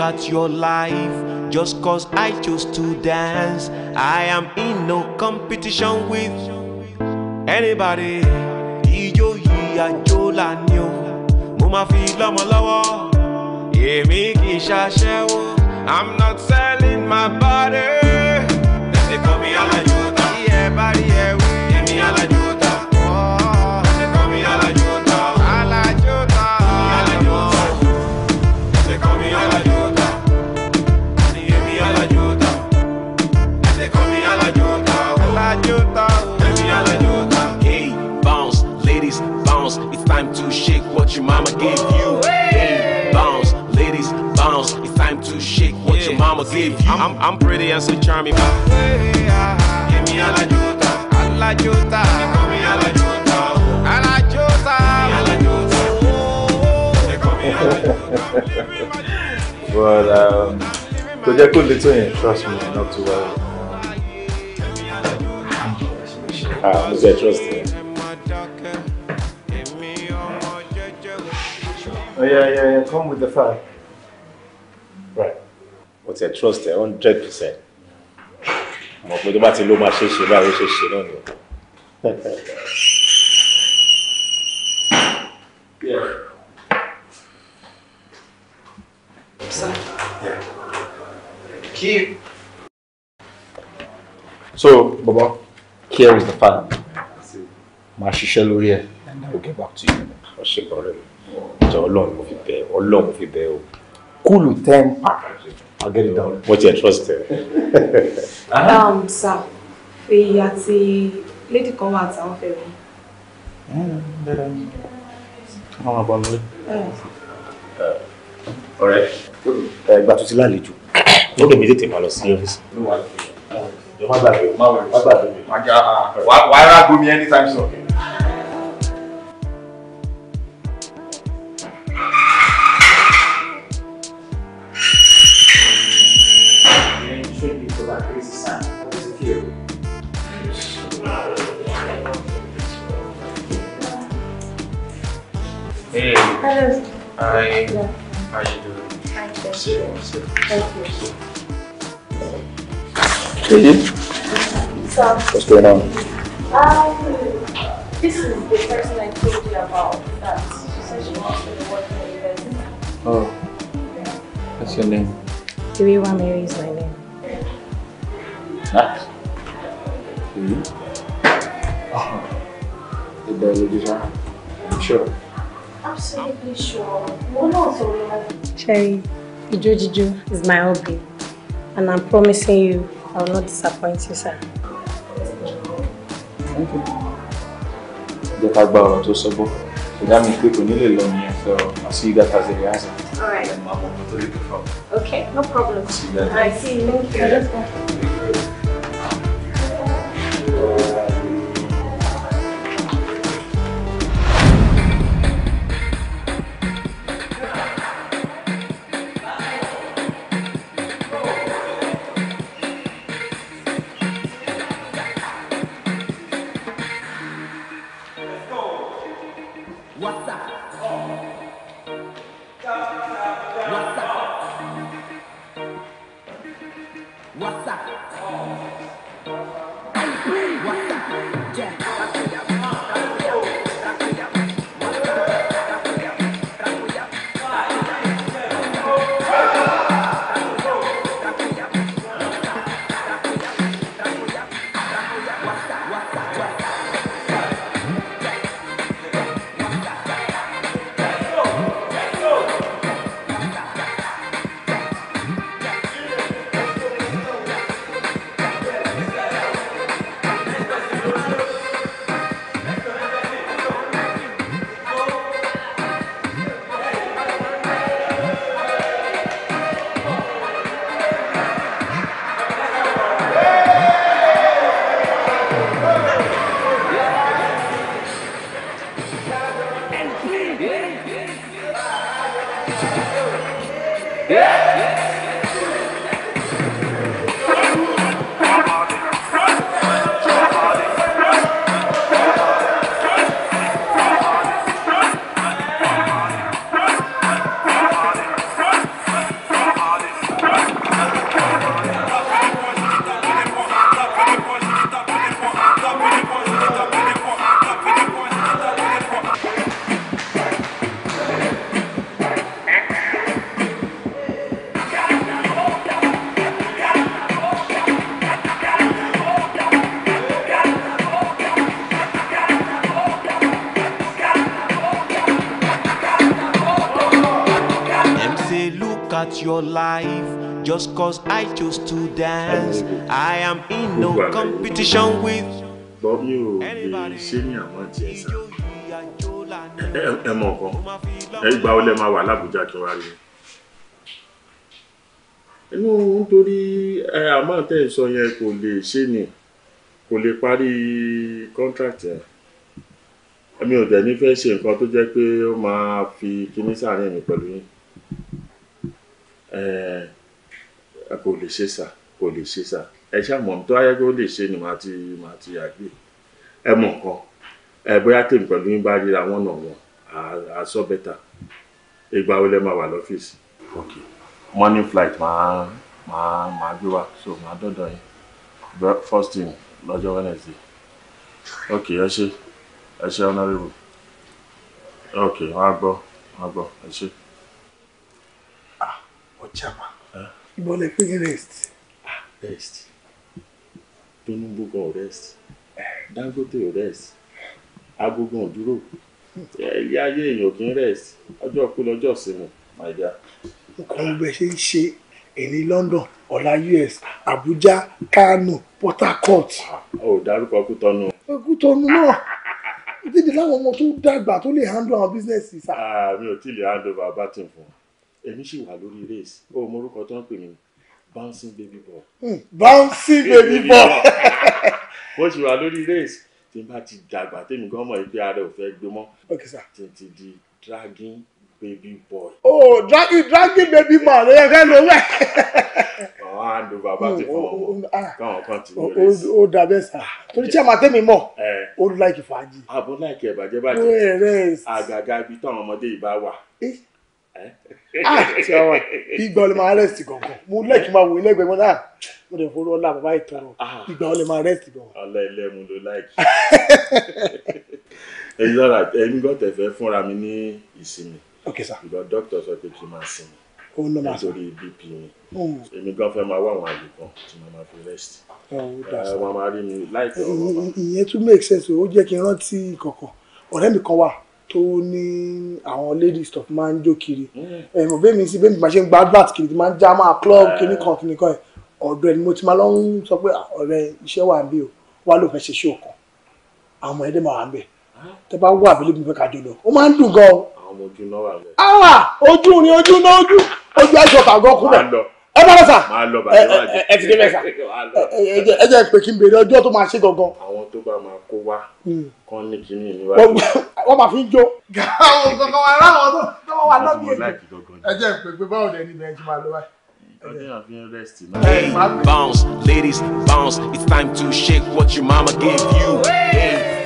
at your life just cause I chose to dance. I am in no competition with anybody. Ijó yìí àjò lànà o, mo máa fi lọ́mọ lọ́wọ́. Èmi kì í ṣaṣẹ́wó, I'm not selling my body. They call me alájọ. what your mama gave you. Hey, bounce, ladies, bounce. It's time to shake what yeah. your mama gave you. I'm, I'm pretty and so charming, but hey, uh, give me a la juta, a la juta, call me a la juta, a la juta, But um, to jẹ́ kó létò yẹn trust me not to worry. Ah, mo ṣe trust Oh, yeah, yeah, yeah. Come with the file. Right. What's your trust ẹ eh, hundred percent. Mo pe tó bá ti ló máa ṣe ṣe báwo ṣe Sir. Yeah. Key. So, Baba, here is the file. Máa ṣiṣẹ́ lórí ẹ̀ and I will get back to you. Ọ̀ṣẹ́ bọ̀rẹ̀ mi jọ ọlọ́run mo fi bẹ̀ ẹ́ ọlọ́run mo fi bẹ̀ ẹ́ o. kúlù tẹ́ńpà I'll get it done. mo ti ẹ̀ trust ẹ. Um, sir èyí àti lady kan wà táwọn fẹ́ rí. àwọn àbọ̀ mi. Uh, ọ̀rẹ́ ìgbà tó ti lálejò ó lè mi tètè máa lọ sí ọ́fíìsì wàá gbàgbé wàá gbàgbé wàá rà gómi anytime soon. Hi. How are you doing? Hi, thank you. Thank you. Hey. So, What's going on? Um, this is the person I told you about that she said she wants to work for you Oh. What's your name? Kiriwa Mary is my name. Ah. Mm -hmm. Oh. The biologist, I'm sure. absolutely sure. We're not Cherry, Ijo Jijo is my hobby. And I'm promising you, I will not disappoint you, sir. Thank you. Jẹ́ ká gba ọ̀rọ̀ tó sọ bọ́. Ìdá mi pé kò ní lè I'll see you guys as a rehearsal. All Then màá mọ ọmọ tó lè Okay, no problem. See you guys. I see you. Thank you. not your life just cause I choose to dance. I am in no competition with anybody. ẹ mọ nǹkan ẹ gba ọlẹ máa wà lábújá kí n wá rí i inú nítorí àmọ́ tẹ́ ẹ sọ yẹn kò lè ṣe ni kò lè parí contract yẹn èmi ò dẹ̀ ní ṣe nǹkan tó jẹ́ pé ó máa fi kinní sáàárín mi pẹ̀lú yín ẹ kò lè ṣe sà kò lè ṣe sà ẹ ṣàmọ̀ tó ayé kó lè ṣe ni màá ti màá ti àgbè ẹ mọ̀ nǹkan ẹ bóyá tèmi pẹ̀lú yín bá ríra wọn nà wọn àṣọ bẹ́tà ìgbà wo lẹ máa wà lọ́fíìsì. ok morning flight máa máa máa gbé wa so máa dọ́dọ̀ yín first thing lọ́jọ́ wednesday ok ẹ ṣe ẹ ṣe honourable ok wọn á gbọ́ wọn á gbọ́ ẹ ṣe ọjàmà ìbọn lè pè ní rest. Ah, rest tinubu gan ò rest dangote ò rest agogo ò dúró ilé ayé èèyàn kì í rest ọjọ́ kú lọ́jọ́ sinmi my dear. nǹkan gbogbo ẹ ṣe ń ṣe èní London ọ̀la US Abuja Kano Port Harcourt. Ah, o dárúkọ kútọ́nù. kútọ́nù náà dídì láwọn ọmọ tó dàgbà tó lè handle our business sir. Ah, mi ò tí ì lè handle bàbá tì fún un èmi sì wà lórí race ó mọ orúkọ tó ń pè mí bouncing baby ball. Hmm, bouncing baby ball. mo sì wà lórí race tí n bá ti dàgbà tèmi gan mọ̀ pé ara ò fẹ́ gbé mọ́ tí n ti di dragging baby boy. oh dragging dragging baby man ló yẹ kẹ́ ló wẹ̀. àwọn àndó bàbá ti fọ ọmọ hmm, ah. káwọn kan ti wọlé sí. ó dà bẹ́ẹ̀ sà torí tí a máa tẹ́mi mọ̀ ó láìkì fàájì. àbọ̀ láìkì ẹ̀bàjẹ́ bàjẹ́ àgàgà ibi táwọn ọmọdé yìí bá wà eh? Ah, ti ọmọ ìgbà ọlẹ máa rest gangan mo lẹ́kì máa wò ilé ẹgbẹ̀mọ́ náà mo lè ah, fọwọ́ ọlá bàbá ìtọrọ ah. ìgbà ọlẹ máa rest gangan. ọlá ilé mu ló láìkí ẹyin lọ́la ẹyin gbọ́dọ̀ fẹ́ fúnra mi ní ìsinmi ìgbà dókítà sọ pé kí n máa sinmi nítorí bp mi hmm. èmi gan fẹ́ máa wá àwọn àyè kan tí mo máa fi rest oh, wọn máa rí mi láìpẹ́ ọ̀rọ̀ ìyẹn tún make sense o ó jẹ́ kí n rántí kọ̀ọ̀kan ọ̀rẹ́ mi kan wà tó ní àwọn ladies tó máa ń jó kiri mm. ẹ̀mọ̀ bẹ́ẹ̀ mi sí bẹ́ẹ̀ mi máa ṣe ń gba advert kiri ti máa ń já máa club eh. Kiri, kan kíní kan ẹ̀ ọ̀dọ̀ ẹ̀ ni mo ti máa lọ ń sọ pé ah, ọ̀rẹ́ iṣẹ́ wà bí o wà ló fẹ́ ṣe ṣó kan àwọn ẹ̀dẹ̀ máa wà ń bẹ̀ ah. tẹ́ bá wà bí lóbi fẹ́ ká jọ lọ ó máa ń dùn gan-an. àwọn ọmọ ojú náà wà bẹ́ẹ̀. Ah, ojú ni ojú náà ojú ojú àìsàn tàgọ́ kúrẹ̀ ẹ bá lọ ẹ ti dé mẹ́sà ẹ jẹ́ pé kí n béèrè ọjọ́ tó máa ṣe gangan. àwọn tó bá máa kó wá hmm. kán ní kinní níwájú. wọ́n máa fi ń jó. àwọn kankan wà láwọn tó wà lọ́bí èdè ẹ jẹ́ pé pé báwo lẹ́ni bẹ́ẹ̀ ti máa lọ wáyé. Bounce, ladies, bounce. It's time to shake what your mama gave you. Hey.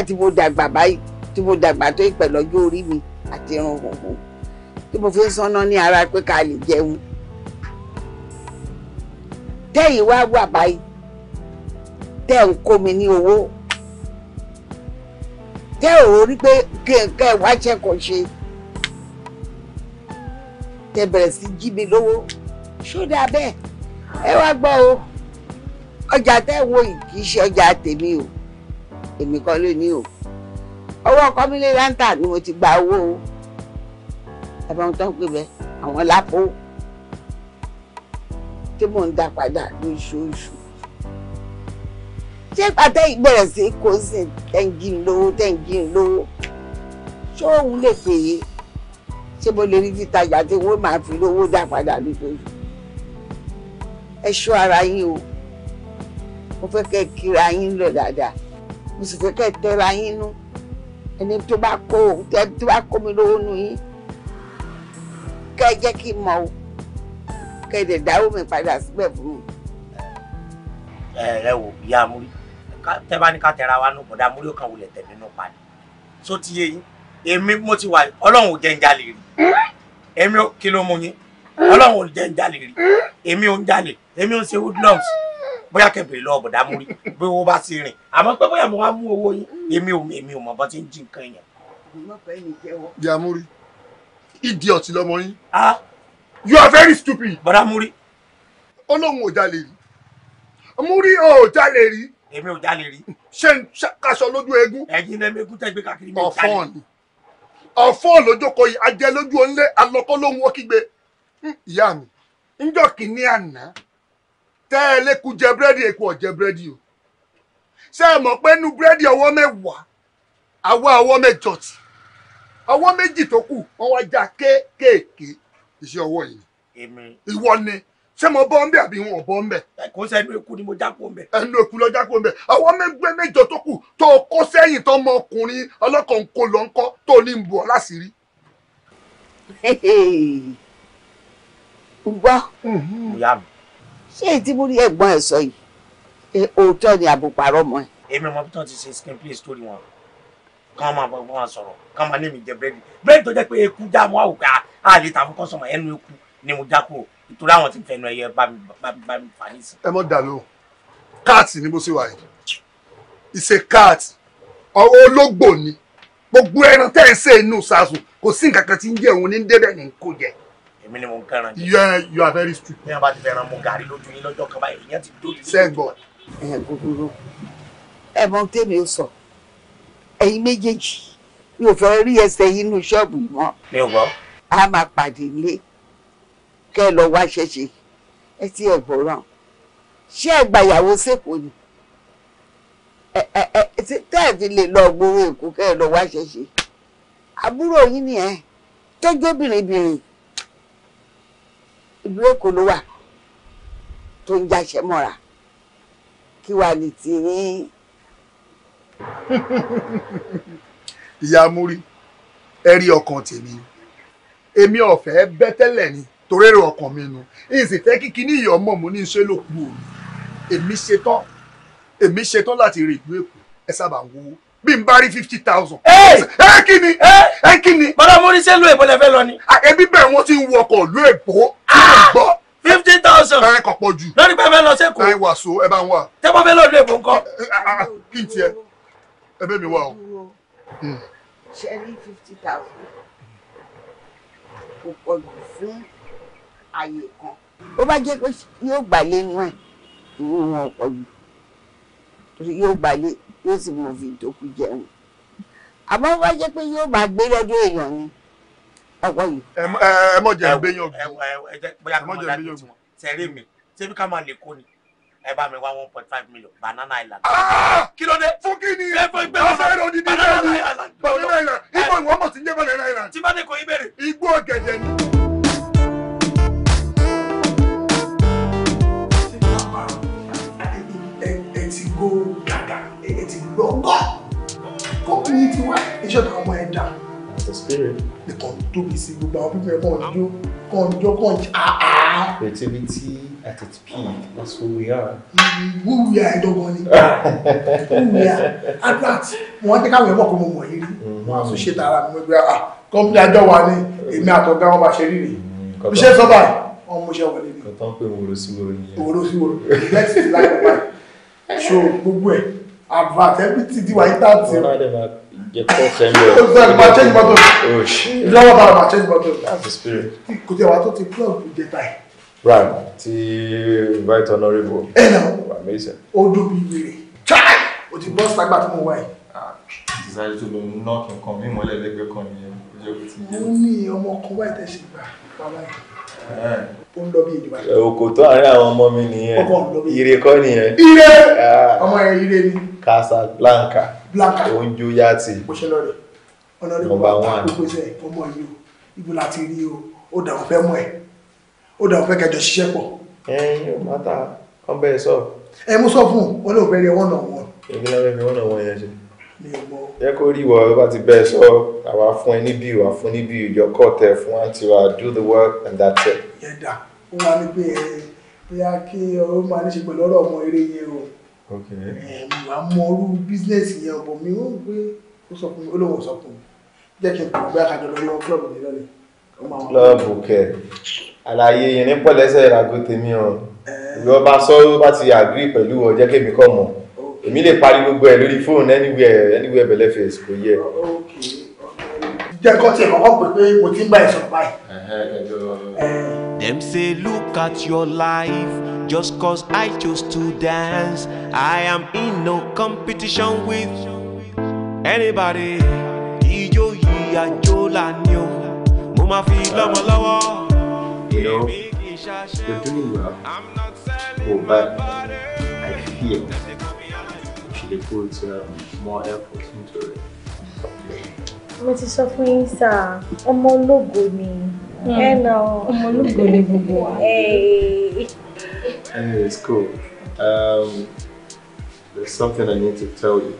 nígbà tí mo dàgbà báyìí tí mo dàgbà tó ìpẹ̀lẹ̀ ọjọ́ orí mi àti irun gbùngbùn tí mo fi ń sanná ní ara pé ká lè jẹun tẹ́yìn wá wà báyìí tẹ́ ń kó mi ní owó tẹ́ ò rí pé kẹ́ ẹ̀ wá ṣẹ́kọ̀ọ́ ṣe tẹ́ bẹ̀rẹ̀ sí jí mi lówó ṣódà bẹ́ẹ̀ ẹ wá gbọ́ o ọjà tẹ́ wo yìí kì í ṣe ọjà tèmi o èmi kan ló ní o ọwọ́ kọ́mílẹ̀ láńtà ni mo ti gba owó o ẹ̀bá wọn tó ń pè bẹ́ẹ̀ àwọn lápò tí mò ń dá padà lóṣooṣù ṣé pàtẹ́ ìbẹ̀rẹ̀ sí kò sí tẹ́ǹgì lówó tẹ́ǹgì lówó ṣé òun lè pè é ṣé mo lè rí títajà tí wọ́n máa fi lówó dá padà lóṣooṣù ẹ ṣọ́ ara yín o mo fẹ́ kẹ́ kíra yín lọ dáadáa mo sì fẹ́ kẹ́ tẹ́ra yín nú ẹni tó bá kó tó bá kó mi lówó nu yín kẹ́ jẹ́ kí n mọ̀ o kẹ́ dẹ̀ dáwó mi padà síbẹ̀ fún mi. ẹ ẹ wò ìyá amúrí tẹ bá ní ká tẹra wa nù bọ̀dá amúrí ó kàn wulẹ̀ tẹ̀mí nù pa ni só ti yé yín èmi mo ti wà ọlọ́run ò jẹ́ ń jalè rí èmi kí ló mú yín ọlọ́run ò jẹ́ rí èmi ò ń jalè èmi ò ń ṣe woodlums bóyá kẹbìrì lọ ọbọdà mú rí bí owó bá ti rìn àmọ́ pé bóyá mo wá mú owó yín èmi ò èmi ò mọ bọ́n ti ń jí nǹkan yẹn. bí amúrí ìdí ọtí lọmọ yín. you are very stupid. bọ́dà múrí. olóhùn ò jalè rí múrí ò jalè rí. èmi ò jalè rí. ṣé n kaṣọ lójú eegun. ẹ̀yin náà eegun tẹ́ gbé káàkiri mi ò jalè. ọ̀fọ́n ni ọ̀fọ́n lójókòó yìí ajẹ́ lójú onílé alọ́kọ́ lóhùn ó kígbe. Hmm, ìyá mi ńjọ́ kìíní àná tẹ́ ẹ lékun jẹ búrẹ́dì èkó ọ̀jẹ búrẹ́dì o ṣé ẹ mọ̀ pé nú búrẹ́dì ọwọ́ mẹ́wàá àwọ̀ ọwọ́ mẹ́jọ tì ọwọ́ méjì tó kù wọ́n wá já kéékèèké iṣẹ́ ọwọ́ yìí ìwọ ni ṣé mo bọ́ ń bẹ̀ àbí wọn ò bọ́ ń bẹ̀. kò sẹ́ ẹnu eku ni mo já kó ń bẹ̀. ẹnu eku lọ já kó ń bẹ̀ àwọn mẹ́gbẹ́ mẹ́jọ tó kù tó kó sẹ́yìn tó mọ ọkùnrin ọlọ́kàn kó lọ ń kọ́ tó ní bù ọ́ láṣìírí. wá. ìyá mi ṣé èyí tí mo rí ẹ̀gbọ́n ẹ̀ sọ yìí òótọ́ ni àbùpàrọ̀ mọ́ ẹ̀. èmi ọmọ tó ti ṣe skin play story wọn kàn máa bọ́ wọn sọ̀rọ̀ kàn máa ní mi jẹ búrẹ́dì búrẹ́dì tó jẹ́ pé eku já mọ́ àwùká á ah, lè ta fún kọ́sọ̀mọ̀ ẹnu eku ni mo já kúrò ìtura àwọn ti fẹnu ẹyẹ bá mi bá mi fà ní ìsìn. ẹ mọ dà lóhùn káàtì ni bó ṣe wà yìí ìṣe káàtì ọwọ́ ológbò ni gbogbo ẹran tẹ́ ẹ ṣe inú sàásùn kò sí nǹkan kan tí ń jẹ òun ní dẹ́dẹ́ ní kò èmi ni mo ń kẹran jẹ. you are you are very strict. ní abá ti fẹ́ràn mo gàrí lójú yín lọ́jọ́ kan báyìí ìyẹn ti dójú. sẹ́gbọ̀ ẹ̀hìn kúkúrú ẹ̀mọ́ tèmi ó sọ ẹ̀yin méjèèjì mi ò fẹ́ rí ẹsẹ̀ yín nínú ṣọ́ọ̀bù mọ́. mi ò gbọ́. a máa pàdé ilé kẹ́ ẹ lọ wá ṣẹ́ṣe ẹ ti ẹ̀ gbọ́ràn ṣé ẹ gba ìyàwó sèpò ni tẹ́ ẹ fi lè lọ gbowó èkó kẹ́ ẹ lọ wá ṣẹ́ṣe àbúrò yín ni ẹ tọ́jú obìnrin bìnrin ìlú èkó ló wà tó ń jaṣẹ́ mọ́ra kí wàá ní ti ìyá múrí ẹ rí ọkàn tèmi èmi ọ̀fẹ́ bẹ́tẹ́lẹ̀ ni torí èrò ọkàn mi nu ìsìn fẹ́ kí kíní ìyá ọmọ mo ní í ṣe ló kú o èmi ṣetán èmi ṣetán láti rí ìlú èkó ẹ sábà ń wówó bí n bá rí fifty thousand. ẹ kí ni ẹ kí ni. bọ́dá mo ní sẹ́ lu èbó lẹ́fẹ́ lọ ni. ẹbí bẹ́ẹ̀ wọ́n ti ń wọkọ̀ lu èbó ah! gbọ́. fifty thousand. ẹ kò pọ̀ jù. lórí pé ẹ fẹ́ lọ sẹ́kọ̀ọ́. ẹ wà so ẹ bá ń wà. tẹ́gbọ́n fẹ́ lọ lu èbó ńkọ́. kí n tiẹ̀ ẹ bẹ́ mi wà o. Hmm. ṣe rí fifty thousand kò pọ̀ jù fún àyè kan. ó bá jẹ́ pé yóò gbà lé nù ẹ̀ ìwọ̀n pọ̀ jù torí yóò gbà lé yóò sì mọ fi ìtókù jẹun àmọ́ wá jẹ́ pé yóò máa gbé lọ́dún èèyàn ni ọ̀pọ̀ yìí. ẹ mọ̀ jẹ́ ẹgbẹ́ yàn jù ẹ mọ̀ jẹ́ ẹgbẹ́ yàn jù. tẹ̀lé mi ṣebí ká máa lè kó ni ẹ bá mi wá one point five million banana island. Ah! kí ló dé. fún kí ni ọ̀sẹ̀ ìròyìn ní bẹ́ẹ̀ ni banana island igbó ìwọ́n mọ̀ sí jẹ́ banana island. tí bá dé kò í bèrè. igbó ọ̀gẹ̀dẹ̀ ni. ẹ ti go lọ́gbà kọ́kùnrin ti wá iṣẹ́ tó àwọn ẹ̀dá nìkan tóbi sí gbogbo àwọn pípẹ́ kan jó kan jó kan jà á. creativity at its peak that's who we are. who we are ẹ̀dọ́gbọ̀n ni who we are at that wọ́n jẹ́ káwọn ẹ̀mọ́ kan mo mọ̀ yìí rí wọ́n associate ara mi gbé ah kọ́mpútà àjọ wa ni mm-hmm. èmi àtọ̀gá wọn bá ṣe rí rèé bí mm-hmm. ṣe sọ báyìí wọ́n mú iṣẹ́ wọlé ni. kọ́tán pé wòrò sí wòrò nìyẹn. wòrò sí wòrò ìgbẹ́sì láì wọ́n báyìí so gbogbo ẹ̀ àbàtẹ́bìtì ti wà ní tààtì. ọ̀nà àdè máa jẹ kọ́ fẹ́mi ọ̀. ọ̀sẹ̀ máa change bottle. o ṣe lọ́wọ́ bá máa change bottle. the spirit. kò tí àwa tó ti plug jẹta ẹ̀. ram ti right honourable. ẹ nà ó dùn bí wèrè. chai o ti bọ́ sítágbà tí mo wà yìí. ìsáré tó lọ mú náà kankan mí mọ́lẹ̀ lẹ́gbẹ̀ẹ́ kan nìyẹn ó jẹ́ kó ti yẹ. mo ní ọmọ kan wáyé tẹ̀ sí gbà bàbá yìí eh. ó ń lọ bí ìdìbà. òkò tó àárín àwọn ọmọ mi nìyẹn ire kọ́ nìyẹn. ire ah. ọmọ yẹn ire ni. Casablanca oúnjú yàtì nọ́mbà one ọmọ yìí o ibo láti rí o ó dà ọ̀fẹ́ mọ́ ẹ̀ ó dà ọ̀fẹ́ kẹjọ ṣiṣẹ́ pọ̀. ẹyin o mata wọn bẹ sọ. ẹ mú sọ fún un wọn lè fẹ́ rí wọn náà wọn. èmi náà fẹ́ wọn náà wọn yẹn ṣe. jẹ́ kó rí ìwọ bá ti bẹ́ẹ̀ sọ àwa fún ẹ níbí ìwà fún níbí ìjọ kọ́ tẹ fún wa ti wa do the work and that's it. yẹ dà ó wà ní pé ẹ bóyá kí ọ máa ní ṣe pẹ̀lú ọ̀rọ̀ ọmọ eré yẹn o mo wá mọ orú bísínẹ́sì yẹn ọ̀pọ̀ mi ó gbé ó sọ fún mi ó lóun sọ fún mi jẹ́ kí n kò gbé àkàjọ lọ lọ́wọ́ kílọ̀bù mi lọ́lẹ̀. kílọ̀bù kẹ̀ àlàyé yẹn ní pọ̀lẹ́sẹ̀ ìràgó tèmi o ìwé ọba sọ ó bá ti àgírí pẹ̀lú ọ jẹ́ kọ́ mọ̀ èmi lè parí gbogbo ẹ̀ lórí fóònù anywhere anywhere bẹ̀lẹ́ fẹ̀ kò yẹ. jẹ́ kọ́ tiẹ̀ kọ́kọ́ pé pé mo ti ń gbà ẹ̀sọ̀ báyìí. Dem say look at your life. Just cause I chose to dance, I am in no competition with anybody. Ijó yìí àjò lànà o, mo máa You know, you're doing well, oh, but I feel you should have put um, more effort into it. Mo ti sọ fún yín sá, ọmọ ológo ni. Hmm. Ẹ nà ọmọ ológo anyway, it's cool. Um, there's something I need to tell you.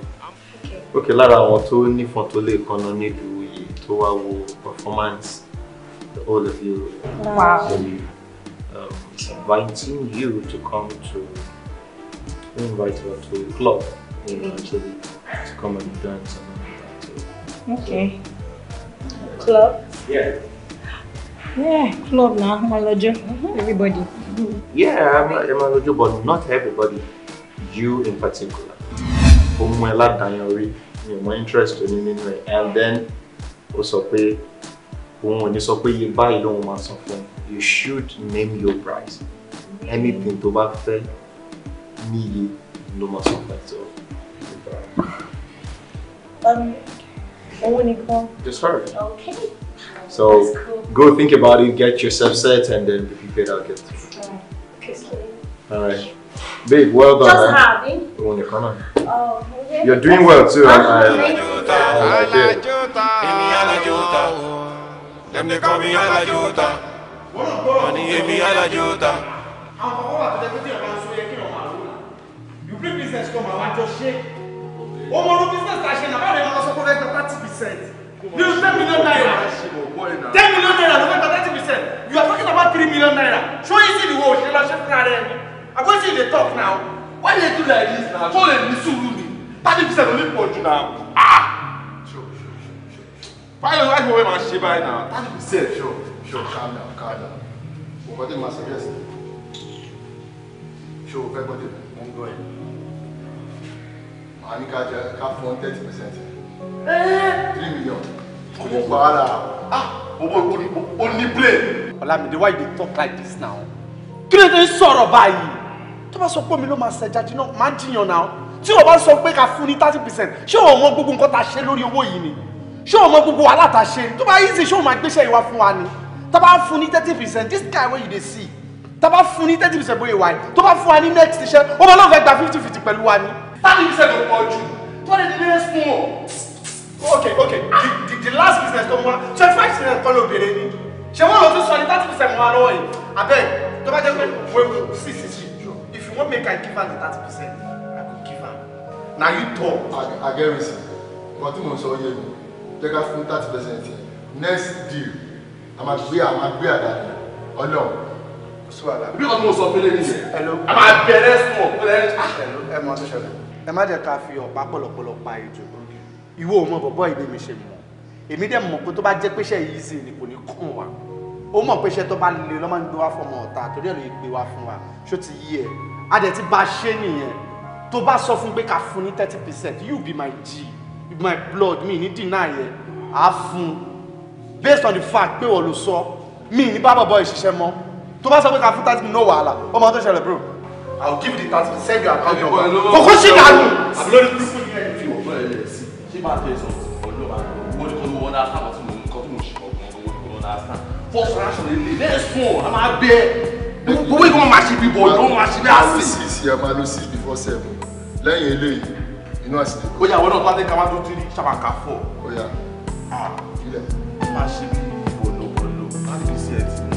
Okay. Okay, lára àwọn tó nífọ̀n tó lè kanna nílùú to our performance the whole of you. Wow. Um, inviting you to come to invite her to the club, you know, actually to come and dance and all that. Okay. So, uh, club? Yeah. Yeah, club now, Malojo. Everybody. Yeah, Malojo, but not everybody. You in particular. For my Ẹládàyànrí ni mo interest ní nínú ẹ̀. And then, also sọ pé òun you ní sọ pé iye báyìí lòun You should name your price. Anything tó bá fẹ́ ní iye ló máa san fún ẹ̀ Um, owó nìkan. Just her. Okay. So cool. go think about it, get yourself set, and then if you get out, get. All right. Babe, well done. Just man. Oh, okay. You're doing well too. I, I, I, Them they call me Alajuta. Money give me Alajuta. You bring business come, I want your share. Oh, my business, I share. Now, I'm going to 30 you use ten million naira ten million naira no matter thirty percent you are talking about three million naira ṣó yìí sì ni wo òṣèlú ọṣẹ fúnra rẹ àgbẹ̀sí dey talk now why they do like this now? tó lè ní sùúrù ni thirty percent ló ní pọ̀ ah! sure. náà ah báyọ̀ láti wọ́n máa ṣe báyìí náà thirty percent sure sure calm down calm down nǹkan tí màá suggest ṣé Sure, fẹ́ gbọ́dọ̀ mọ́ ń gbọ́ yìí màá ní ká thirty percent three million kò lè pa ara ah owó ó ní play. Ọlámídé why you talk like this now kí ló dé sọ̀rọ̀ báyìí tó bá sọ pé mi ló máa ṣẹja jiná máa jiyàn náà tí o bá sọ pé ká fún ní thirty percent ṣé o mọ gbogbo nǹkan tá a ṣe lórí owó yìí ni ṣé o mọ gbogbo wàhálà tá a ṣe tó bá easy ṣé o máa gbéṣẹ́ ìwà fún wa ni tá a bá fún thirty percent this guy where you dey see tá a bá fún ní thirty percent bóyá ìwà yìí tó bá next iṣẹ́ ó máa náà fẹ́ gba fifty fifty pẹ̀lú wa ni. thirty percent ò pọ̀ jù tó lè ní next one. Okay, okay. the the, the last business tó mú wa twenty five percent kọ́ ló béèrè ni ṣé wọ́n lọ tún sọ ní thirty percent mọ́ wa lọ́wọ́ yìí abeg tó bá jẹ́ pé wo ewu sí sí if you want me, i give her the thirty percent i go give her. Now you talk. I nǹkan tí mò ń sọ yé mi jẹ́ ká fún thirty percent next deal I'm a máa I'm a máa gbé àdáyé ọlọ́run bí wọn mú sọ fẹlẹ nìyẹn a máa bẹ̀rẹ̀ sùn ọ ah, ẹ má jẹ́ ká fi ọ̀pá pọ̀lọpọ̀lọ pa ìjòkó ìwọ mọ bọ̀bọ́ ìbí ṣe mọ̀ èmi dẹ̀ mọ̀ pé tó bá jẹ́ péṣẹ́ yìí sì ni kò ní kàn wá ó mọ̀ péṣẹ́ tó bá lè lọ́mọ ń gbé wá fọmọ ọ̀tá torí ẹ̀ ló yẹ gbé wá fún wa ṣó ti yí ẹ̀ a dẹ̀ ti ba ṣé nìyẹn tó bá sọ fún pé ká fún ní thirty percent you be my g be my blood mi ní deny yẹn á fún based on the fact pé wọ́n ló sọ mi ní bá bọ̀bọ̀ ìṣiṣẹ́ mọ́ tó bá sọ pé ká fún thirty no wàhálà ọmọ tó ṣẹlẹ̀ bro i will give you the thirty percent you are coming from kò ṣì dànù. àbúrò ní kúrúkú yẹn fi wọ́n bọ̀ ẹ̀ lẹ́sìn tí máa tẹ sọ ọjọ́ máa lọ wọ́n ní kọ́ ló wọ́n náà sábà tí mo ń kọ́ tí mo ṣe ọgbọ̀n ọgbọ̀n wọ́n ní kọ́ ló náà sábà fọ́ọ̀sì ránṣọ lè lè lẹ́sùn ọ̀ a máa bẹ gbogbo ìgbà máa ṣe bíbọ̀ ọ̀dọ́ máa ṣe bí àṣì. sísì ẹ máa lọ sí before seven lẹ́yìn eléyìí inú àṣì. ó yà wọ́n náà tó bá dé ká máa tó tiri ṣàbàkà fọ́. ó yà á ah, ilẹ̀. ó máa ṣe bí bọ̀lọ̀bọ̀lọ̀ láti fi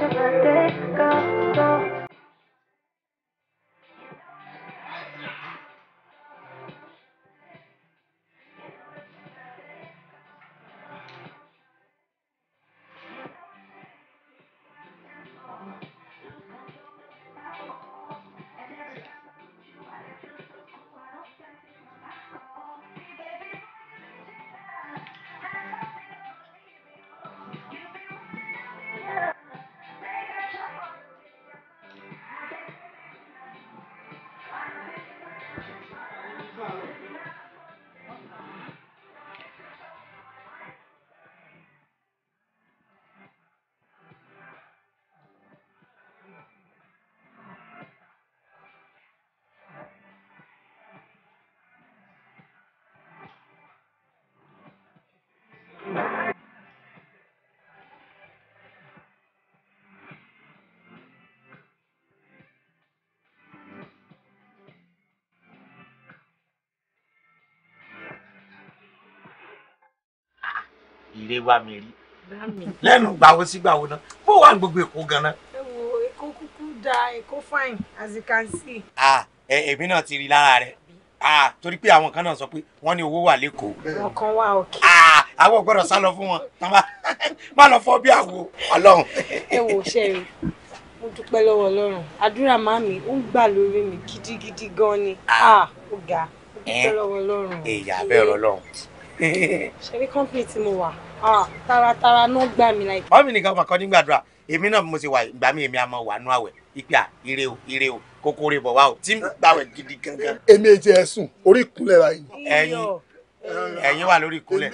your birthday. ilé wá mi rí lẹ́nu gbàwo sí gbàwo náà bó wà gbogbo èkó gan-an. èkó kúkú da èkó fine as you can see. ah èmi náà ti rí lára rẹ ah torí pé àwọn kan náà sọ pé wọ́n ní owó wà lẹ́kọ̀ọ́. wọn kan wá òkè. ah àwọn ò gbọ́dọ̀ sá lọ fún wọn tán má lọ fọ́ bí àwo ọlọ́run. ẹ wo ṣẹ́yìn mo dúpẹ́ lọ́wọ́ ọlọ́run àdúrà màmí ó ń gbà lórí mi gidigidi gan ni ah ó ga mo dúpẹ́ lọ́wọ́ ọlọ́run. èyí àbẹ̀rẹ̀ ọlọ́run. ṣe rí kọ́ńpì tí mo wà Ah, taratara ló gbà mí láì. báwo nìkan ọmọ kan ní gbàdúrà èmi náà mo ti wà ìgbà mi èmi àmọ́ wà nú àwẹ̀ ìpìà ire o ire o kókó rè bọ̀ wá o tí ń gbàwẹ̀ gidi gangan. èmi èjì ẹ̀sùn orí ìkúnlẹ̀ ra yìí. ẹ̀yin ẹ̀yin wà lórí ìkúnlẹ̀.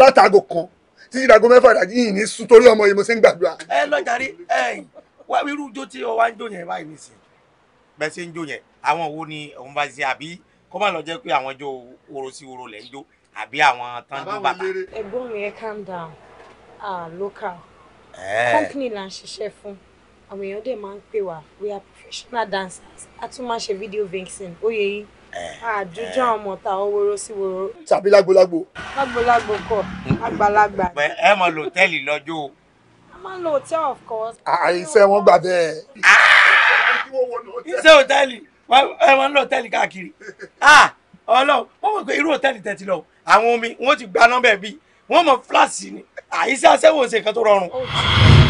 látàgò kan títí dàgó mẹ́fà ìdájí yìí ní sùn torí ọmọ yìí mo ṣe ń gbàdúrà. ẹ lọ́jà rí ẹ̀yìn wá irú ijó tí o wá ń jó yẹn báyìí nìsín bẹ́ẹ̀ ṣe ń jó yẹn àwọn wo ni òun bá ṣe àbí kó má lọ jẹ́ pé àwọn ijó orosí oro lẹ́ ń jó àbí àwọn tán dún bàtà. ẹ̀gbọ́n mi ẹ calm down ah local company là ń ṣiṣẹ́ fún àwọn èèyàn dẹ̀ máa ń pè wá we are professional dancers a tún máa ṣe video vixen oyè yìí àjùjọ àwọn ọmọ ta ọ woro sí woro. tàbí lágbolágbo. lágbolágbo kọ àgbàlagbà. ẹ mọ lòtẹ́ẹ̀lì lọ́jọ́ o. a máa ń lo hotel of course. àìsẹ́ wọn gbà bẹ́ẹ̀. Ah! iṣẹ́ hòtẹ́ẹ̀lì ẹ máa ń lo hòtẹ́ẹ̀lì káàkiri. Ah! ọlọ́run wọ́n mọ̀ pé irú òtẹ́ẹ̀lì tẹ́tí lọ àwọn omi wọ́n ti gba nọ́mbà ẹ̀ bí wọ́n mọ̀ fúláàsì ni àyíṣẹ́ aṣẹ́wó ṣe kan tó rọrùn. Oh.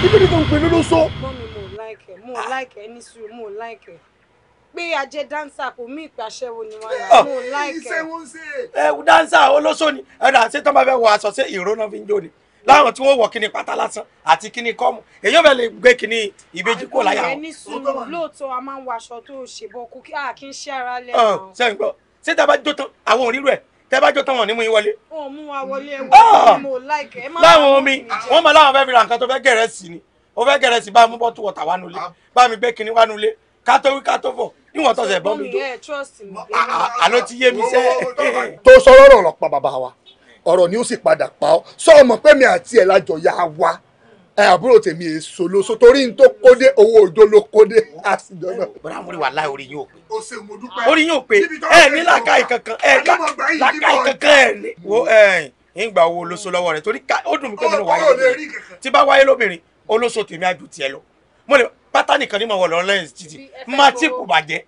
ibi ni kò ń pè ló ló sọ. mọ́ mi mo like ẹ mo like ẹ ní sùúrù mo like ẹ pé ajẹ́ dáńsà kò mí ìpè aṣẹ́wó ni wọ́n yà mo like ẹ. iṣẹ́ wọn ṣe. ẹ dáńsà olóṣò ni ẹ̀rọ àti tó bá fẹ́ wọ aṣọ sí ìró náà fi ń jó ni láwọn tí wọ́n wọ kíní pátá lásán àti kíní kọ́mù èyàn bẹ̀ lè gbé kíní ìbejì kó láyà wọn. àìkú rẹ ní sùúrù lóòótọ́ a máa ń wọ aṣọ tó ṣèbọ̀ kò kí a kì í ṣe ara lẹ́nu. sẹ́yìn gbọ́ ṣé tá a bá jó tán àwọn òrírò ẹ̀ tẹ́ bá jó tán wọn ní mú yín wọlé. wọn wa wọlé ẹ wọ mo like ẹ má. láwọn omi wọn máa láwọn fẹ́ fi ra nǹkan tó fẹ́ gẹ̀rẹ́ sí ni ó fẹ́ gẹ̀rẹ́ sí bá mú bọ́tù wọ̀tà wá nulẹ̀ bá mi gbé kinní wá nulẹ̀ ká tó wí ká tó fọ̀ níwọ̀n tó ṣẹ̀ bọ́ mi jó. àló ti yé mi sẹ́. tó sọ lọ́rọ̀ lọ pa bàbá wa ọ̀rọ̀ ni ó sì padà pa ọ́ sọ ọmọ pẹ́mi àti ẹ̀ lájọ ya wa ẹ àbúrò tèmi èso ló so torí n tó kódé owó òjò ló kódé àtijọ́ náà. bọ́dà mo rí wàhálà orí yín ò pé. o ṣe mo dúpẹ́. orí yín ò pé ẹ ní làákàyè kankan ẹ làákàyè kankan ẹ ní. wo ẹ ń gba owó olóso lọ́wọ́ rẹ̀ torí ó dùn mí pé mo ní wáyé lóbìnrin tí bá wáyé lóbìnrin olóso tèmi àjò tiẹ̀ lọ mo lè pátá nìkan ní mo wọ̀ lọ́rọ́ lẹ́yìn títì má tí kò bàjẹ́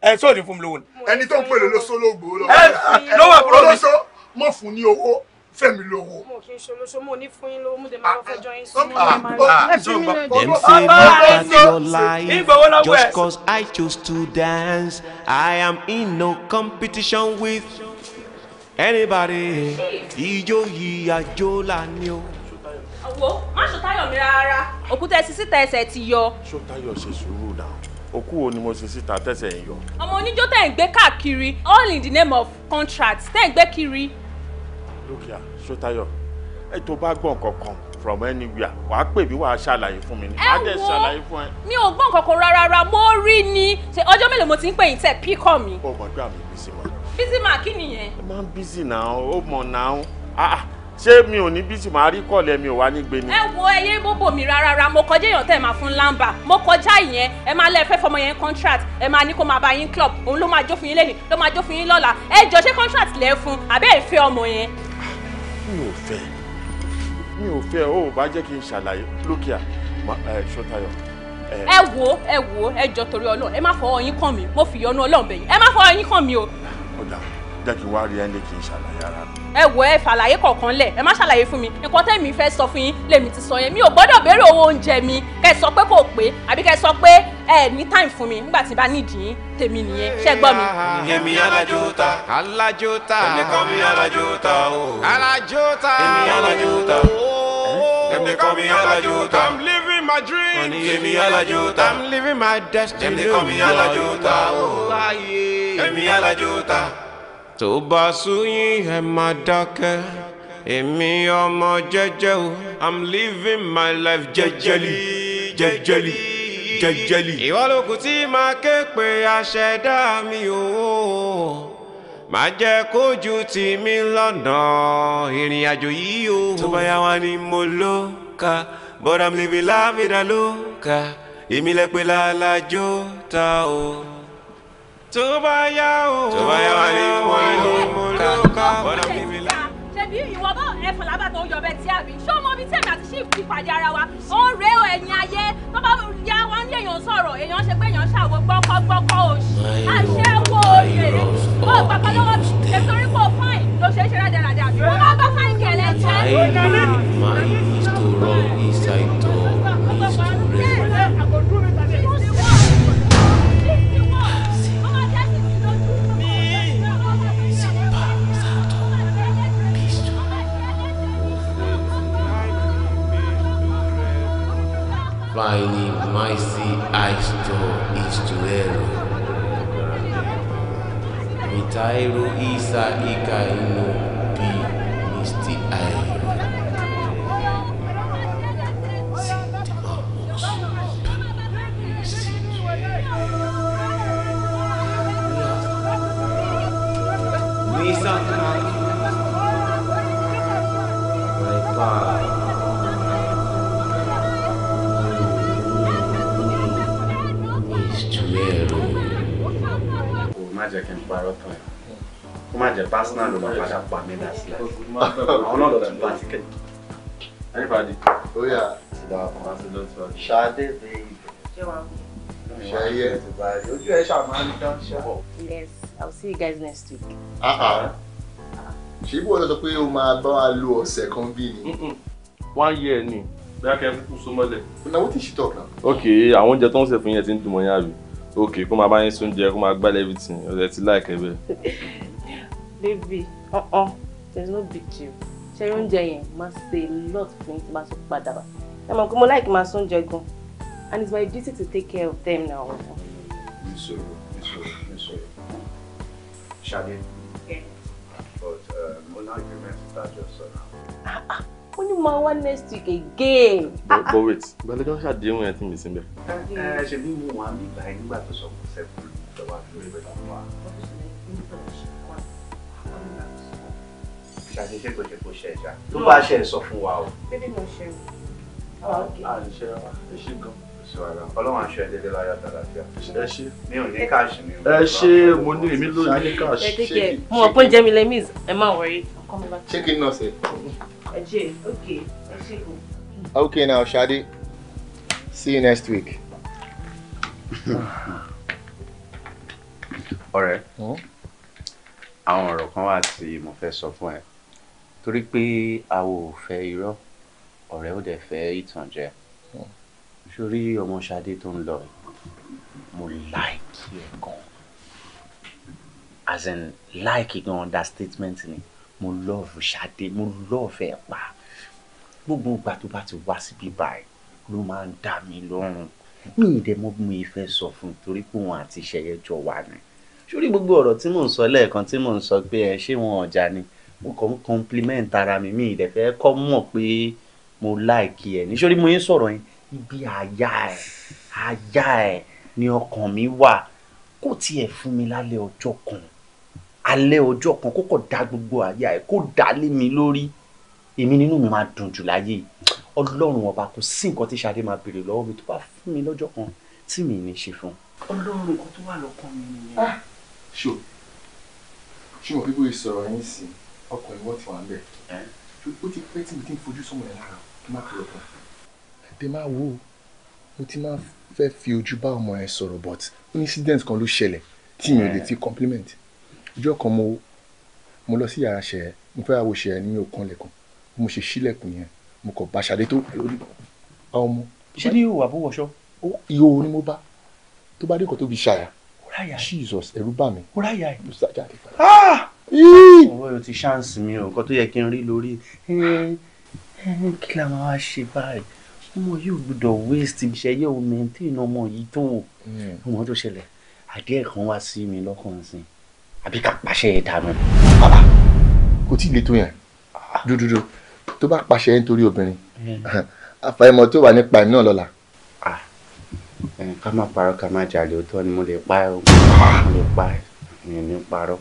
ẹ sóò ní fún mi lówó ni. ẹni tó ń pè lóso ló gbòó lọ́wọ́. lọ́wọ́ àbúrò mi. olóso mọ̀ fún ní owó fẹ́mi lówó. mo kì í ṣe olóṣó ní fún yín lówó mo dé máa lọ ah, ah. fẹjọ́ yín sí mo ní máa lọ. dem say me pass your life just cause i chose to dance i am in no competition with anybody ijó yìí àjò là ni o. wo má ṣòtayọ mi rárá. òkúta ẹsẹ̀ síta ẹsẹ̀ ti yọ. ṣòtayọ ṣe sùúrù náà òkú wo ni mo ṣe síta tẹsẹ̀ ń yọ. ọmọ oníjó tẹ̀ ń gbé káàkiri all in the name of contract tẹ̀ ń gbé kiri dúkìá ṣótayọ ẹ tó bá gbọ́ nǹkan kan from anywhere wàá pè mí wàá ṣàlàyé fún mi ni wàá dẹ̀ ṣàlàyé fún ẹ. mi ò gbọ́ nǹkan kan rárá rárá mo rí ni ọjọ́ mélòó mo ti ń pè yín tẹ̀ píkọ̀ mi. ó mọ̀ gbé àmì bísí wa. bísí máa kí nìyẹn. ẹ máa ń bísí náà ó mọ̀ náà ah, ah, ṣé mi ò ní bísí máa rí kọ̀ọ̀lẹ́ mi ò wá ní gbé ni. ẹ wo ẹyẹ bóbò mi rárá rárá mo kọjá èèyàn tẹ́ ẹ máa fún lámbà mo kọjá ìyẹn ẹ máa lẹ fẹ́ fọmọ yẹn contract ẹ máa ní kó máa bá yín club òun ló máa jó fún yín lẹ́nu ló máa jó fún yín lọ́la ẹ jọ ṣé contract lẹ fún àbẹ́ ìfẹ́ ọmọ yẹn mi ò fẹ́ mi ò fẹ́ o ò bá jẹ́ kí n ṣàlàyé lókìá ṣọtayọ. ẹ wo ẹ wo ẹ jọ torí Ọlọ́run ẹ má fọwọ́ yín kàn mí mo fìyọnu Ọlọ́run bẹ̀yìn ẹ má fọwọ́ yín kàn mí o. ọ̀dà jẹ́ kí n wá rí ẹni kí n ṣàlàyé ara mi ẹ wọ ẹ fàlàyé kọ̀ọ̀kan lẹ̀ ẹ má ṣàlàyé fún mi nǹkan tẹ́mi fẹ́ sọ fún yín lèmi ti sọ yẹn mi ò gbọ́dọ̀ béèrè owó oúnjẹ mi kẹ́ ẹ sọ pé kò pé àbí kẹ́ ẹ sọ pé ẹ ní time fún mi nígbà tí bá nídìí yín tèmi nìyẹn ṣẹ́ gbọ́ mi. èmi alájú ta alájú ta ẹnìkan mi alájú ta o alájú ta èmi alájú ta dem oh. dey call me alajuta i'm living my dream wọ́n ní èmi i'm living my destiny dem dey call me alajuta o èmi alajuta tó bá súyìn ẹ má dákẹ́ èmi ọmọ jẹ́jẹ́ o i'm living my life jẹ́jẹ́lì jẹ́jẹ́lì jẹ́jẹ́lì. Iwo ló kù tí màá ké pe aṣẹ̀dá mi o màá jẹ́ kójú tèmi lọ́nà ìrìn àjò yìí o. tó bá wa ni mo ló but i'm living la vida loca èmi lẹ la la ta o tó bá yá mo ló mo ló ká bọ́dà bíbí la. ṣebí ìwọ bá ẹfọ lábà tó ń yọbẹ tí àbí ṣé ọmọ bíi tèmi àti ṣì fi pàdé ara wa ó rè ó ẹ̀yìn ayé tó bá yá wọn ní èèyàn sọ̀rọ̀ èèyàn ṣe pé èèyàn ṣàwọ gbọkọ gbọkọ òṣì àṣẹ wo òṣèré ó gbàgbọ́ lọ́wọ́ mi nítorí pé fáìn ló ṣe é ṣe rádaràdà wọn bá bá fáìn kẹlẹ jẹ. my my is By my sea ice to is to hell. Mitairo Isa Ika Inu jẹ́ kí n parọ́ tán ẹ̀ kó má jẹ́ personal ló máa padà pa mí náà sí àwọn náà lọ bá ticket. Everybody. Ó yá. Ṣùgbọ́n àwọn máa ti lọ sí ọdún. Ojú ẹ ṣàmà ń dán ṣe. Yes, I'll see you guys next week. Ah, ah. Ṣé ibo lọ sọ pé o máa bá wa lo ọ̀sẹ̀ kan bí ni? One year ni. Bí a kẹ́ kú so mọ́lẹ̀. Now what is she talk now? Okay, àwọn oúnjẹ tó ń ṣe fún yẹn ti ń dùn mọ́ yín okay kó máa bá yín sún jẹ kó máa gbálẹ̀ everything ọ̀rẹ́ ti láìkẹ́ bẹ́ẹ̀. baby ọ̀ọ́n there is no big deal ṣe oúnjẹ yẹn máa ṣe lot fún yín tí máa tún padà wá ẹ mọ̀ pé mo láìkí máa sún jẹ gan and it's my duty to take care of them now. ìṣòro ìṣòro ìṣòro ṣáde but uh, mo ní argument that just so now ó ní máa wá next week again. Ah, ah. but wait gbàlẹ́ kan ṣàdéhùn ẹ̀ tí mi sí bẹ́ẹ̀. ẹ ṣe bí mo wà nígbà yẹn nígbà tó sọ fún sẹ́kù lọ́wọ́ àti lórí ìbẹ̀rẹ̀ wa. ṣàṣe ṣe kòṣe kò ṣe ẹja tó bá ṣe sọ fún wa o. bébí mo ṣe o. a ah, lè ṣe ra ẹ ṣe gan. Ọlọ́run aṣọ ẹ̀dẹ́dẹ́ láyé àtàlàfíà. Ẹ ṣe. Mi ò ní káàṣì mi. Ẹ ṣe mo ní èmi ló ní káàṣì. Ẹ dẹ́kẹ̀ mo mọ̀ pé ń jẹ́ mi lẹ́mìs ẹ má wọrí. Ṣé kí n nọ̀ sẹ́? Okay, okay. now, Shadi. See you next week. Ọ̀rẹ́, àwọn ọ̀rọ̀ kan wà tí mo fẹ́ sọ fún ẹ. Torí pé a ò fẹ́ irọ́, ọ̀rẹ́ ò dẹ̀ fẹ́ ìtànjẹ. Sórí ọmọ Ṣadé tó ń lọ, mo láìkí ẹ̀ gan. As in, láìkí gan understatement ni. Mm mo lọ́ọ̀fù Ṣadé mo lọ́ọ̀fù ẹ̀ pa gbogbo ìgbà tó bá ti wá síbí báyìí ló máa ń dá mi lọ́rùn mi ì dẹ̀ mọ̀ bí mo fẹ́ sọ fún un torí pé òun àti Ṣẹ̀yẹ jọ wà ní. sórí gbogbo ọ̀rọ̀ tí mò ń sọ lẹ́ẹ̀kan tí mò ń sọ pé ẹ ṣé wọn ọ̀já ni mo kàn ń compliment ara mi mi ì dẹ̀ fẹ́ kọ́ mọ̀ pé mo láìkí ẹ̀ ní sórí mo yín sọ̀rọ̀ yẹn ibi àyà ẹ̀ àyà ẹ̀ ni ọkàn mi wà kò tiẹ̀ fún mi lálẹ́ ọjọ́ kan alẹ́ ọjọ́ kan kó kọ̀ da gbogbo àyà ẹ̀ kó dà á lé mi lórí èmi nínú mi máa dùn jù láyé ọlọ́run ọba kò sí nǹkan tí Ṣadé máa béèrè lọ́wọ́ mi tó bá fún mi lọ́jọ́ kan tí mi ní ṣe fún un. ọlọ́run nǹkan tó wà lọ́kàn mi nìyẹn. Ah. ṣó ṣé mo bíbó ìsọ̀rọ̀ yín sí ọkọ̀ ìwọ́ ti wà ń ó ti pẹ́ tí mo ti ń fojú sọ́mọ ẹ̀ lára kí má kúrò kan. àdè máa wo mo ti máa fẹ́ fi ojú bá ọmọ ẹ sọ̀rọ̀ but incident kan ló ṣẹlẹ̀ tí mi ò lè fi compliment. Yeah ọjọ́ kan mo mo lọ sí yàrá ṣẹ mo fẹ́ àwọ̀ ṣẹ ní òkan lẹ́kùn mo ṣe sílẹ̀kùn yẹn mo kọ̀ bá ṣàdé tó lórí ọmọ. ṣé ní ìhòòhò àbúwọ̀ṣọ. ìhòòhò ni mo bá tó bá dé tóbi ṣàyà jesus ẹ̀rù bà mí. ó ráyà ẹ̀. mo sá jáde padà. Ah! ọ̀rọ̀ yóò ti ṣáǹsì mi o nǹkan tó yẹ kí n rí lórí kí la máa ṣe báyìí ọmọ yóò gbọ́dọ̀ waste iṣẹ́ yóò maintain ọmọ yìí tó wò hmm. ọmọ tó ṣẹlẹ̀ àdéhùn wá sí mi lọ́kàn sí i àbí ká pàṣẹ ìdànù. bàbá kò tí ì le tó yẹn dúdúdú ah. tó bá pàṣẹ ẹ nítorí obìnrin àfàìmọ̀ tó wà nípa ẹ náà lọ́la. Ah. ká má parọ́ ká má jalè òótọ́ ni mo lè pa ẹ́ o ah. mo lè pa ẹ́ mi ò ní parọ́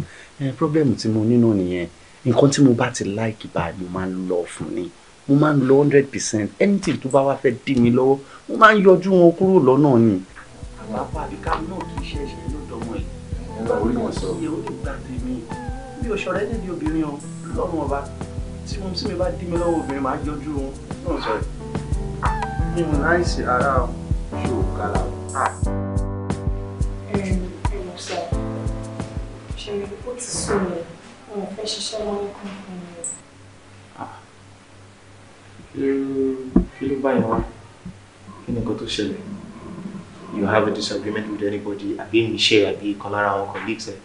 pírọ́blẹ́mù tí mo nínú nìyẹn nǹkan tí mo bá ti láìkì báyìí mo máa ń lọ fún ni mo máa ń lọ hundred percent anything tó bá wá fẹ́ dì mí lọ́wọ́ mo máa ń yọjú wọn kúrò lọ́nà ni. àwọn apá àbíká náà kì í ṣe é ṣe é orí wọn sọ. ìyẹn ò ní gbà tèmi bí o ṣọ̀rẹ́ níbi obìnrin o lọ́rùn ọba tí mo tí mi bá dí mi lọ́wọ́ obìnrin màá yọjú wọn náà sọ̀rọ̀ mi ò láìsí ara o ṣe ò kára o. ẹnu sọ ṣe ó ti sún mi wọn ò fẹ́ ṣiṣẹ́ kí ló bá yẹn wá kí ni nǹkan tó ṣẹlẹ̀ you have a disagreement with anybody àbí èmi ṣe àbí ìkan lára àwọn colleagues ẹ.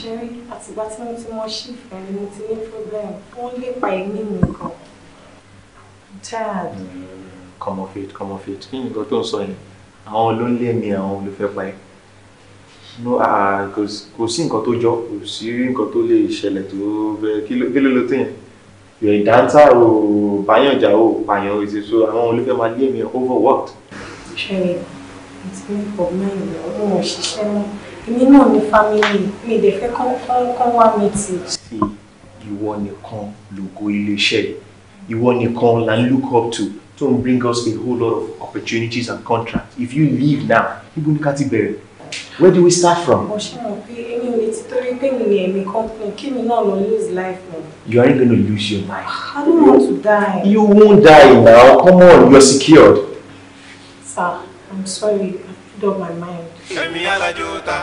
ṣeré àtìgbà tí mo ti mọ ṣífù ẹni mo ti ní problem fún lépa ẹ̀mí mi kan hmm, come off it come off it kí ni nǹkan tó ń sọ yẹn àwọn ló ń mi àwọn olùfẹ́ pa ẹ́ no ah, kò sí nǹkan tó jọ kò sí nǹkan tó lè ṣẹlẹ̀ tó bẹ kí ló ló tó yẹn yọ ìdáńtà o báyànjà o pààyàn o ìṣèṣọ àwọn olùfẹ́ máa lé mi overworked. ṣe ti you pọ̀ mẹ́rin ọdún òṣìṣẹ́ náà èmi náà ní fámìlì mi ìdè fẹ́ kán wá mi tì. sí ìwọ nìkan lògo iléeṣẹ́ ìwọ nìkan la ń look up to tó bring us a whole lot of opportunities and contracts if you leave now you ni ká ti bẹ̀rẹ̀ where do we start from. mo ṣe mọ̀ pé èmi ò lè ti torí pé mi ni ẹ̀mí company kí mi náà lose life mi. you aren't going to lose your life. I don't want to die. you won't die now come on you are secured. sir. I'm sorry, I've made up my mind. Èmi alájòta.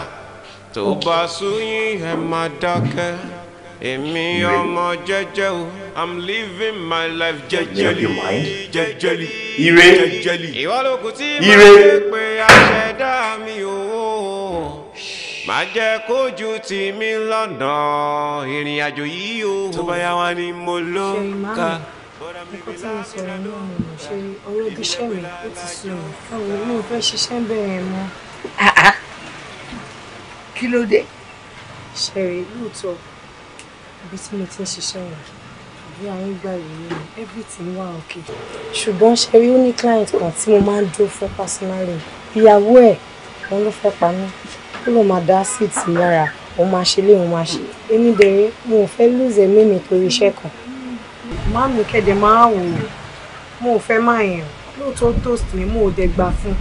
ọmọ jẹ́jẹ́ o, I'm living my life jẹ́jẹ́lì. Jẹ́jẹ́lì. Ire. Jẹ́jẹ́lì. Ìwọ ló kù tí mo lè pe aṣẹ̀dá mi o. Má jẹ́ kójú tì mí lọ́nà ìrìn àjò yìí o. Tó bá yá wa ni mo lọ ká. Ṣé ìmáàmù? nǹkan tí mo sọ yẹn náà mo mọ̀ ṣe ọ̀rọ̀ ibi iṣẹ́ mi ó ti sú mi káwọn olóò fẹ́ ṣiṣẹ́ bẹ́ẹ̀ mọ́. kí ló dé. ṣẹ̀rí lóòótọ́ ibi tí mo ti ń ṣiṣẹ́ yẹn bí a ń gbà yìí ni everything wà òkè ṣùgbọ́n ṣẹ̀rí ó ní client kan tí mo máa ń dúró fún personally ìyàwó ẹ̀ wọn ló fẹ́ pa mí ó lọ́ọ́ máa dá síìtì lára òun máa ṣe lé òun máa ṣe èmi bẹ̀rẹ̀ mo ò fẹ́ lose ẹ̀mí mi torí iṣẹ́ kan má mi kẹ́dẹ̀ máa wò ó mo ò fẹ́ máa yàn lóòótọ́ toast mi mo ò dẹ̀ gbà fún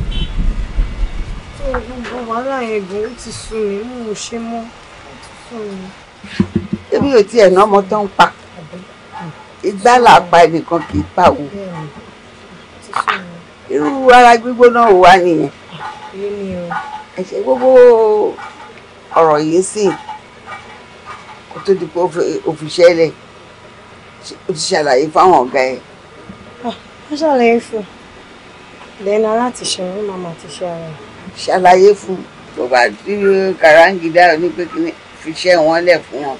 tó gbogbo wàhálà yẹn gan ó ti sú mi mo ò ṣe mọ́ ó ti sú mi. ebi o tiẹ̀ ná ọmọ tó ń pa igbá là pa ẹnìkan kì í pa òun irú ara gbígbóná ò wá nìyẹn ẹ̀ṣẹ̀ gbogbo ọ̀rọ̀ yìí sì kó tó di pé òfìṣẹ́ lẹ̀ o ti ṣàlàyé fáwọn ọ̀gá ẹ̀. Ah, wọ́n ṣàlàyé fún un lẹ́nu aláti ṣe màmá ti ṣe ara ẹ̀. ṣàlàyé fún un tó bá rí kàráǹgídá ní pé kí fi ṣẹ́ wọn lẹ̀ fún wọn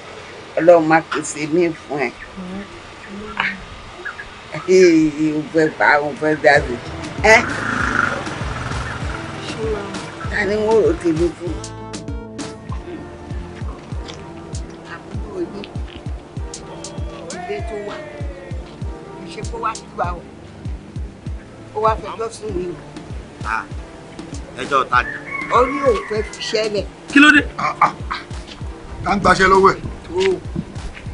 ọlọ́run má pèsè mí fún ẹ̀. o fẹ́ bá o fẹ́ dá sí. ta ni wọ́n rò tèmi fún un. kó wá sílùú àwọn ó wá fẹjọ́ sùn mí o. Ah, ẹjọ́ ta ni. ó ní òun fẹ́ fi ṣẹlẹ̀. kí ló dé. ká ah, ah, ń gbaṣẹ́ lọ́wọ́ ẹ̀. o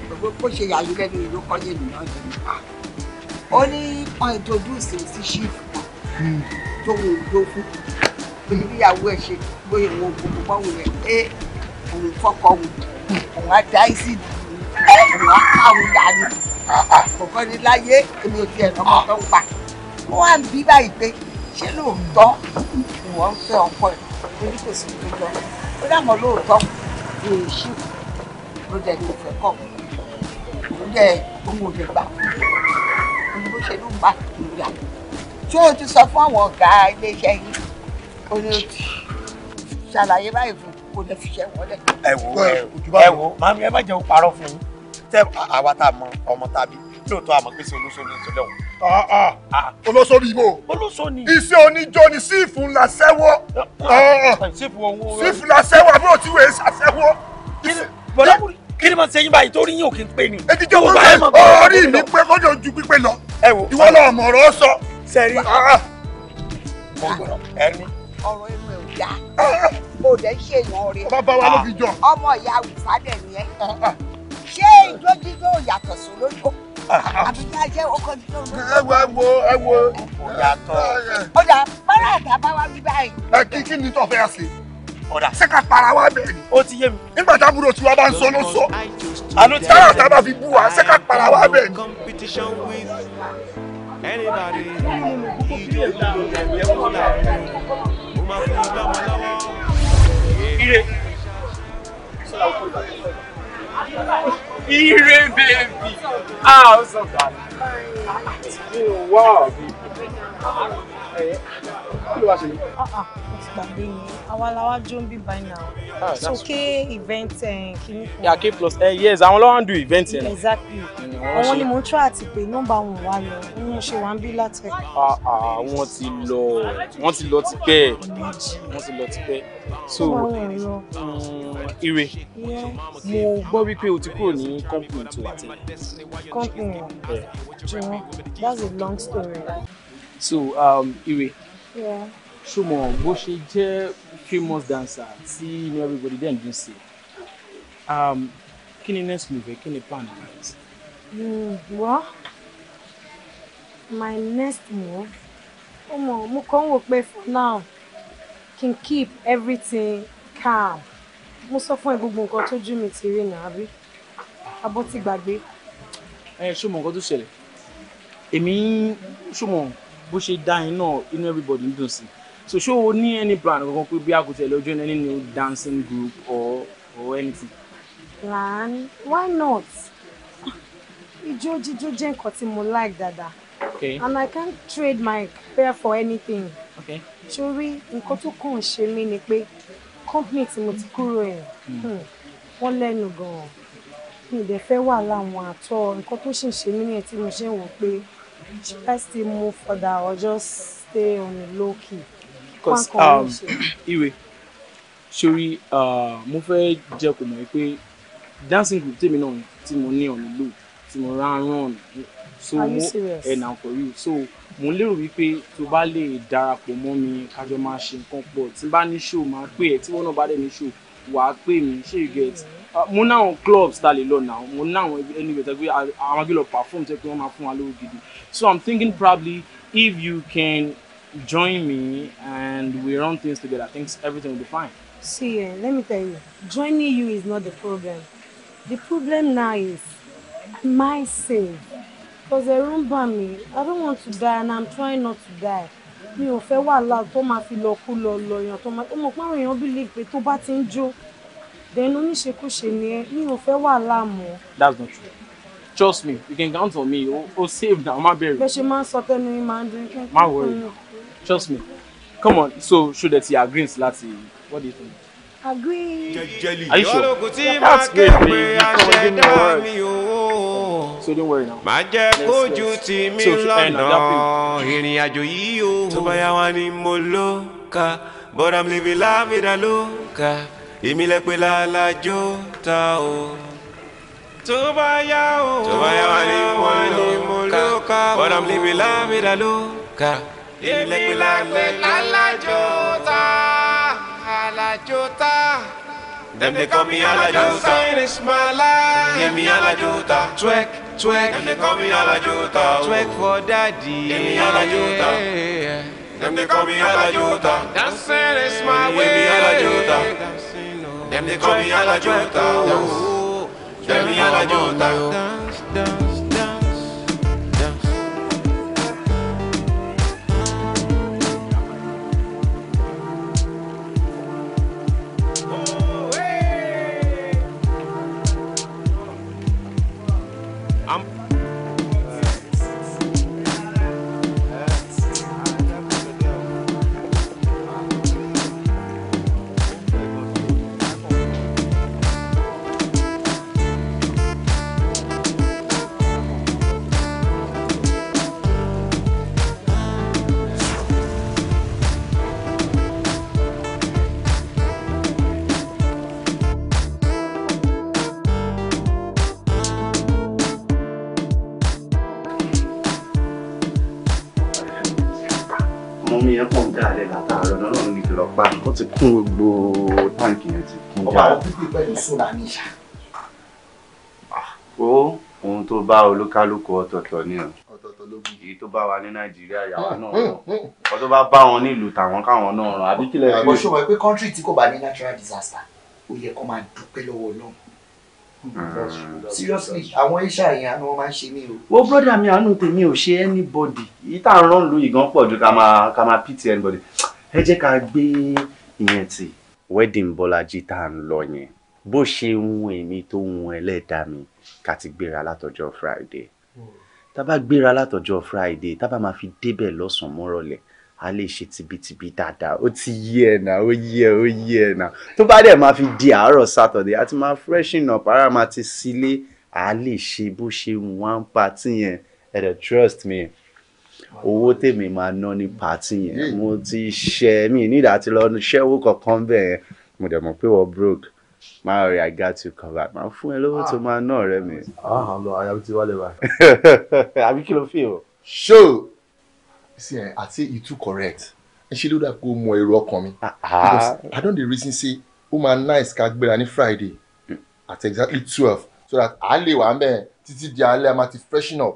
gbogbo kó ṣe yàrá lẹ́nu ìlú kọ́lé nìyàn yìí. ó ní wọn introduce him sí ṣífù kan hmm. tó wù ú dó fún oníyàwó ẹ̀ ṣe gbóyè wọn gbogbo bọ́wọ́ rẹ̀ pé eh, òun fọ́kọ̀ wù òun á dá ìsìn ẹ̀rọ akáwọ̀ dání kọ̀ọ̀kan ní láyé èmi ò tiẹ̀ lọ́mọ tó ń pa wọ́n wá ń bí báyìí pé ṣé lóòótọ́ ìwọ ń fẹ́ ọkọ ẹ̀ torí kò sí tó lọ ó dàmọ́ lóòótọ́ èèṣù ló dẹ̀ ló fẹ́ kọ̀ ló dẹ̀ ohun ò lè gbà bó ṣe ló ń bá ìlú tí o ti sọ fún àwọn ọ̀gá iléeṣẹ́ yìí o ní o ti ṣàlàyé báyìí fún kò lè fi ṣẹ́ wọlé. ẹ wo ẹ wo màmí ẹ má jẹ́ o parọ́ fún un tẹ àwa tá a mọ ọmọ tàbí lóòótọ́ àmọ́ pèsè olóṣòlù ìṣẹ̀lẹ̀ ọ̀hún. olóṣòlù ibo olóṣòlù iṣẹ́ oníjó ni síìfù ńlá sẹ́wọ́ ah, ah, ah, síìfù ńlá sẹ́wọ́ àbúrò tí wèé ṣàṣẹ́wọ́. kí ni mo ṣe yín báyìí tó rí yín òkè ń pè ní. ètùtù owó báyìí ọ̀rí mi pé kọ́jọ́ ju pípé lọ ìwọ lọ mọ̀ ọ̀rọ̀ sọ. sẹ́rí ẹni. ọ̀rọ̀ ẹnu ẹ̀ ò yá. o dẹ̀ ṣèyàn rẹ̀. ọmọ ìyá àwùsá ṣé ijó jíjó yàtọ̀ sí olóyún àbí ká jẹ́ ọkọ̀ jíjó ẹ wo ẹ wo ẹ wo. kò yàtọ̀ ọ̀dà mọ́ra àtà bá wá bí báyìí. ẹ kí kí ni tó fẹ́ ọ̀dà ṣé ká para wá bẹ́ẹ̀ ó ti yé mi. nígbà tábúrò tiwa bá ń sọ ló sọ àló táyà tábà fi bú wa ṣé ká para wá bẹ́ẹ̀ ire. Ire baby. Ah, what's up, wow, kí ló wá ṣe. Ah, ah, ìgbàgbé yẹn àwa la wá jó ń bí by now ah, so ké event eh, kìíní kan. yà ké plus ẹ eh, yes àwọn lọ́wọ́ ń do event yẹn. exactly àwọn ni mo ń try àti pé nọ́mbà wọn wà lọ bí mo ṣe wà ń bí látẹ̀. wọ́n ti lọ wọ́n ti lọ tipẹ́ wọ́n ti lọ tipẹ́ so mm, ire mo gbọ́ wípé o ti kúrò ní company tó wà tẹ́lẹ̀. company jùlọ that's a long story. so um, ire ṣùgbọ́n bó ṣe jẹ́ famous dancer tí ní everybody dem dùn sí um, kí ni next move kí ni plan right. Mm, my next move ó mọ̀ mo kàn ń wò pé for now kí n keep everything calm mo sọ fún ẹ gbogbo nǹkan tójú mi ti rí náà rí abọ́ ti gbàgbé. ẹ ṣùgbọ́n nǹkan tó ṣẹlẹ̀ èmi ṣùgbọ́n bó ṣe dá yín náà inú everybody ń dùn sí so ṣé o ní any plan kankan pé bí àkótẹ lọ join any new dancing group or or anything. plan why not ijó jíjó jẹ́ nǹkan tí mo like dáadáa okay. and I can't trade my pair for anything. Okay. sórí nǹkan tó kàn ń ṣe mí ni pé company tí mo ti kúrò ẹ̀ hmm. Hmm, wọ́n lẹ́nu gan-an mi ì dẹ̀ fẹ́ wà láwọn àtọ́ nǹkan tó ṣì ń ṣe mí nìyẹn tí mo ṣe ń wò pé should I still move further or just stay on a low key? Because um, Iwe, sori uh, mo fẹ́ jẹ́ kó mọ̀ pé dancing group tèmi náà tí mo ní ọ̀nà lò tí mo rán rán ọ̀nà so mo ẹ̀ nà for you so mo lérò wípé tó bá lè darapọ̀ mọ́ mi kájọ máa ṣe nǹkan pọ̀ tí bá ní show máa pè ẹ́ tí wọ́n náà bá dẹ̀ ní show wàá pè mí ṣé you get. Mm -hmm. Ah, mo náwọn clubs ta lè lọ náà mo náwọn anyway tẹ pé àwọn agbélọ perform tẹ pé wọn máa fún wa lówó gidi so i'm thinking probably if you can join me and we run things together i think everything will be fine. see eh let me tell you joining you is not the problem the problem now is my sin because they run by me. i don't want to die and i'm trying not to die mi ò fẹ́ wàhálà tó máa fi lọ kú lọ lọ yàn tó máa ó mọ̀ pé àwọn èèyàn believe pé tó bá ti ń jó. Then oníṣekúṣe ni ẹ mi ò fẹ́ wàhálà mọ́. That's not true. Trust me, you can count on me. O, o save na, o má bẹ̀rù. Bẹ́ẹ̀ ṣe máa ń sọ tẹ́nu yín máa ń dín kí n. worry, trust me. Come on, so ṣó dẹ̀ ti agree láti what do you think? Agree. Jẹjẹli. Are you sure? That's great, baby. Come on, give me a word. So don't worry now. Má jẹ́ kójú tì mí lọ́nà ìrìn àjò yìí o. Tó bá yá wa ni mo lóka, but I'm living la vida loca èmi lẹ pé lálájó ta o. tó bá yá o tó bá yá wa ni mo ló ká bọ́dà mi níbi lámìdá ló ká. èmi lẹ pé lálájó ta alájó ta. Them they call me Alajuta. It's my life. Hear me Alajuta. Twerk, twerk. Them they call me Alajuta. Twerk for daddy. Hear me Alajuta. Them they call me Alajuta. Dancing is my way. Hear me Alajuta. Dem they call me a la jota. Them me a la jota. ti kún gbogbo táǹkì yẹn ti kún jáde. ọba àwọn pípé pẹ̀lú sólà ní ìṣá. ó ohun tó bá olúkálùkù ọ̀tọ̀ọ̀tọ̀ ni o èyí tó bá wa ní nàìjíríà yàrá náà rán ọ tó bá bá wọn nílùú tàwọn káwọn náà rán àbí kílẹ̀ fi. àbọ̀ṣọ́ wọ̀ pé kọ́ńtírì tí kò bá ní natural disaster ó yẹ kó máa dúpẹ́ lọ́wọ́ ọlọ́run hmm. seriously àwọn iṣẹ́ àyàn àánú wọn máa ń ṣe mí o. wo broda mi àánú tèmi ò ṣe anybody yìí tá à ń rán lu ìgàn pọ̀ ju ká máa ká máa pity anybody ẹ jẹ́ ká gbé ìyẹn ti wedding Bọ́lájí tá à ń lọ yẹn bó ṣe ń hun èmi tó ń hun ẹlẹ́dàá mi ká ti gbéra látọjọ́ Friday tá a bá gbéra látọjọ́ Friday tá a bá máa fi débẹ̀ lọ́sàn-án mọ́rọ̀lẹ́ a lè ṣe tibitibi dáadáa ó ti yí ẹ náà ó yí ẹ ó yí ẹ náà tó bá dẹ̀ máa fi di àárọ̀ Saturday àti máa freshen up ara máa ti sílé a lè ṣe bó ṣe ń wá ń pa tí yẹn ẹ̀rẹ̀ trust me owó tèmi máa ná ní pàtì yẹn mo ti ṣe mí nídàá ti lọ ṣẹ́wó kankan bẹ́ẹ̀ mo dẹ̀ mọ̀ pé wọ́n broke máa rí I got you covered máa fún ẹ lówó tó ah. máa ná ọ̀rẹ́ mi. àwọn àlọ àyàbí ti wálé wa. àbí kí ló fi o. ṣó àti ìtú correct ẹ ṣe ló dà kó mọ èrò ọkàn mi ah, ah. because I don dey reason say ó máa nice ká gbéra ní Friday mm. at exactly twelve so that a lè wà ń bẹ́ẹ̀ títí di alẹ́ a máa ti freshen up.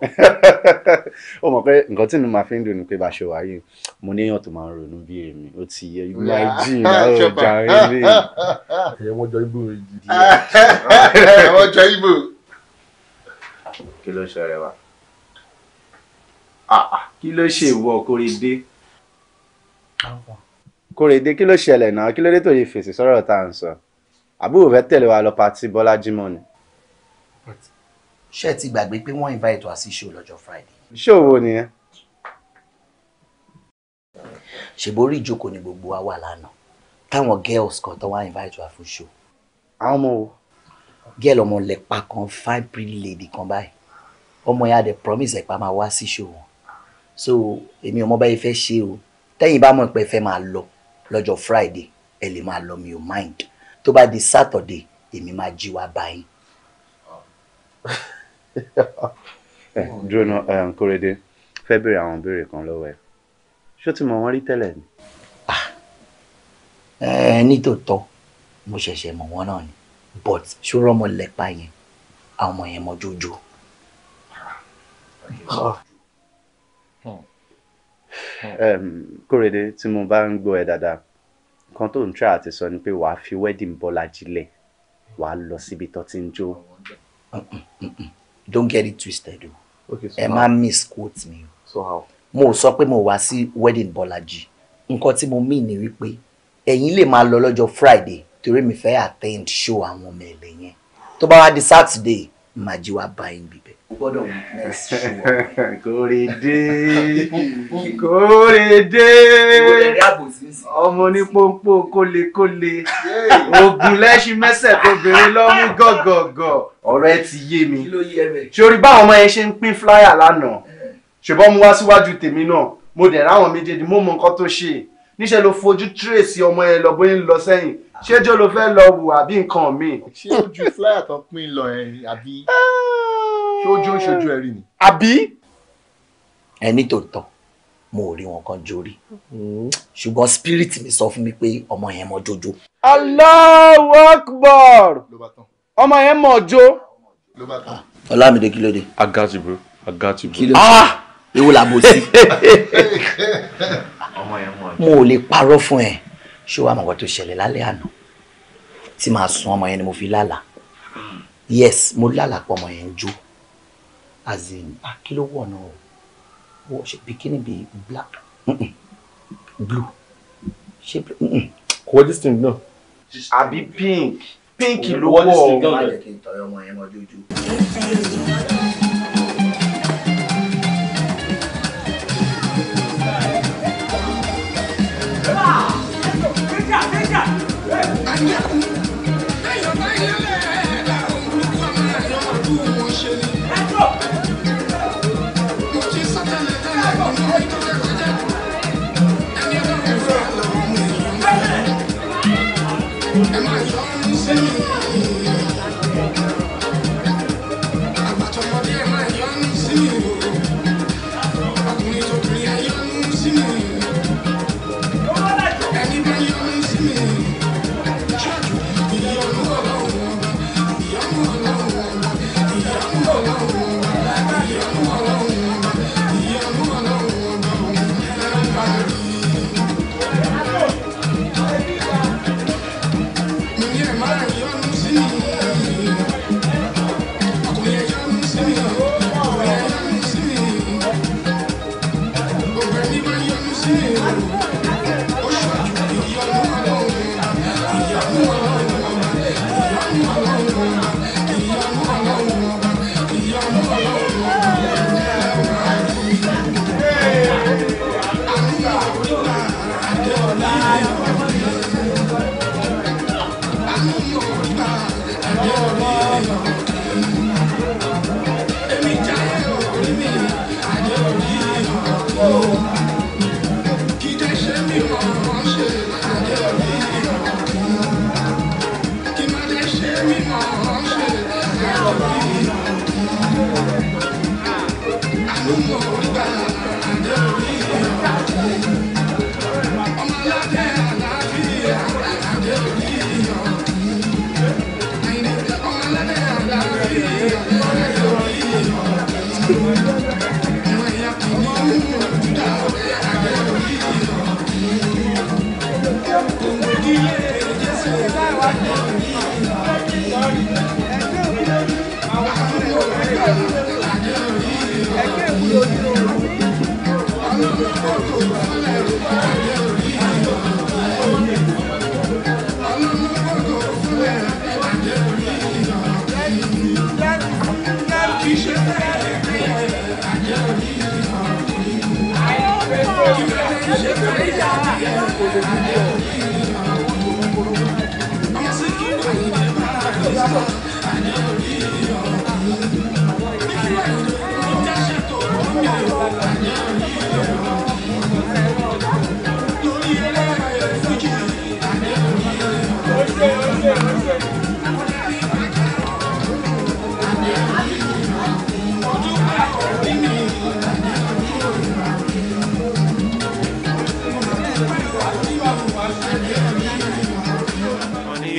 ó mọ̀ pé nǹkan tí mo máa fi ń dùn ní pé bá a ṣe wà yìí mo ní èèyàn tó máa ń ronú bí èmi ó ti yẹ ibi láì jìn láì ọjà ilé. ẹ̀yẹ wọ́n jọ ibo rẹ̀ jù. ẹ̀yẹ wọ́n jọ ibo. kí ló ṣe ọ̀rẹ́ wa ah, ah, kí ló ṣe ìwọ Kóredé. Kóredé kí ló ṣẹlẹ̀ náà kí ló dé tó yẹ fèsì sọ́rọ̀ tá à ń sọ àbúrò fẹ́ tẹ̀lé wa lọ pa ti Bọ́lá Jímọ̀ ni ṣé ẹ ti gbàgbé pé wọ́n invite wá sí show lọ́jọ́ friday. show wo nìyẹn. ṣèborí ìjókòó ni gbogbo wa wà lánàá táwọn girls kan tó wá invite wá fún show. àwọn ọmọ wo. girl ọmọ lẹ́pa kan fine pretty lady kan báyìí ọmọ yẹn á promise ẹ̀ pa máa wá sí show wọn so èmi ọmọ báyìí fẹ́ ṣe o tẹ́yìn bá mọ̀ pé fẹ́ máa lọ lọ́jọ́ friday ẹ lè máa lọ mi ò mind tó bá di saturday èmi máa jí wá báyìí. ẹ dúró náà February, fẹ́ béèrè àwọn béèrè kan lọ́wọ́ ẹ ṣó ti mọ̀ wọ́n rí tẹ́lẹ̀ ni. Ah, eh, nítòótọ́ mo ṣẹ̀ṣẹ̀ mọ̀ wọ́n náà ni but ṣòro ọmọ lẹ́pa yẹn àwọn ọmọ yẹn mọ jójó. Ah. Hmm. Hmm. Um, kórèdé tí mo bá ń gbọ́ ẹ dáadáa nǹkan tó ń tra àti sọ ni pé wàá fi wedding bola jile. wàá lọ síbi tó ti ń don't get it twisted o ẹ má misquote mi o mo sọ pé mo wá sí wedding Bọ́lájí nǹkan tí mo mean ni wípé ẹ̀yin lè máa lọ lọ́jọ́ Friday torí mi fẹ́ attend show àwọn ọmọ ẹ̀lẹ́ yẹn tó bá wá di Saturday máa jí wá bá yín bíbẹ. o gbọ́dọ̀ next show. kórèdé kórèdé ọmọ kole kole. kólekóle oògùn lẹ́sìn mẹ́sẹ̀ tó bèrè lọ́mú go go ẹ ti ye mi sori báwọn ọmọ yẹn ṣe ń pín flyer lánàá ṣùgbọ́n mo wá síwájú tèmi náà mo dẹ̀ ráwọn méjèèjì mo mọ nǹkan tó ṣe níṣẹ́ ló fojú tírèsì ọmọ yẹn lọ bóyá ń lọ ṣé jó ló fẹ́ lọ wò àbí nǹkan míì. ṣé ojú flyer kan pín lọ ẹ àbí ṣé ojú ń ṣojú ẹ rí ni. àbí. ẹni tó tán mo rí wọn kan jórí ṣùgbọ́n spirit mi sọ fún mi pé ọmọ yẹn mọ jojo. Allahu Akbar ọmọ yẹn mọ jó. Ọlámídé kí ló dé. I got you bro I got you bro. kí ló dé ah! ewu làbòsí. mo ò lè parọ́ fún ẹ ṣé wàá mọ̀ nǹkan tó ṣẹlẹ̀ lálẹ́ àná tí màá sun ọmọ yẹn ni mo fi lálàá yes mo lálàá pọ̀ ọmọ yẹn ń jó as in ah kí ló wọ̀ náà o ṣe bikini bi black blue ṣe kò wọ́n distinct náà. àbí pink pink ló wọ̀ ọ́. olùwọ́n distinct náà. 娘娘。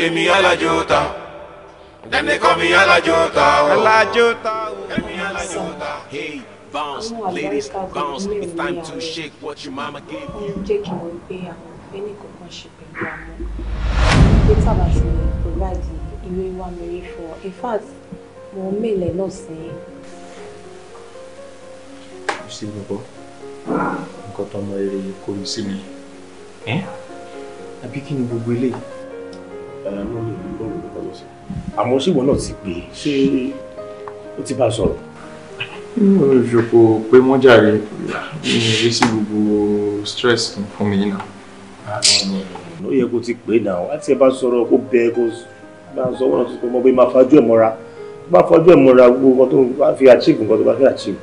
èmi alájòta dem dey call me Alajota. o. Alajota. o. èmi alájòta hey bounce ladies bounce it's time to shake what your mama gave you. jẹ́ kí n wọ pé àwọn ọ̀fẹ́ nìkan kan ṣe pẹ̀lú àmọ́ pé tábà ti provide ìwé wa mẹ́rin fún ọ in fact mo mélẹ̀ náà sí. kò sí mi bọ́ nǹkan tó ọmọ rere kò ní sí mi eh? àbí kí ni gbogbo mo lè rí bọ́ọ̀lù lọ́kọ́ tó sọ àmọ́ ṣé ìwọ náà ti pè é ṣé ó ti bá a sọ̀rọ̀. inú ìṣòkò pé wọ́n jàre ní eré sí gbogbo stress fún mi náà. ó yẹ kó ti pè é náà wá tí ẹ bá sọ̀rọ̀ kó bẹ kó bá sọ wọ́n náà tó kọ́ mọ́ pé máa fajú ẹ̀ mọ́ra máa fajú ẹ̀ mọ́ra gbogbo nǹkan tó bá fi achieve nǹkan tó bá fi achieve.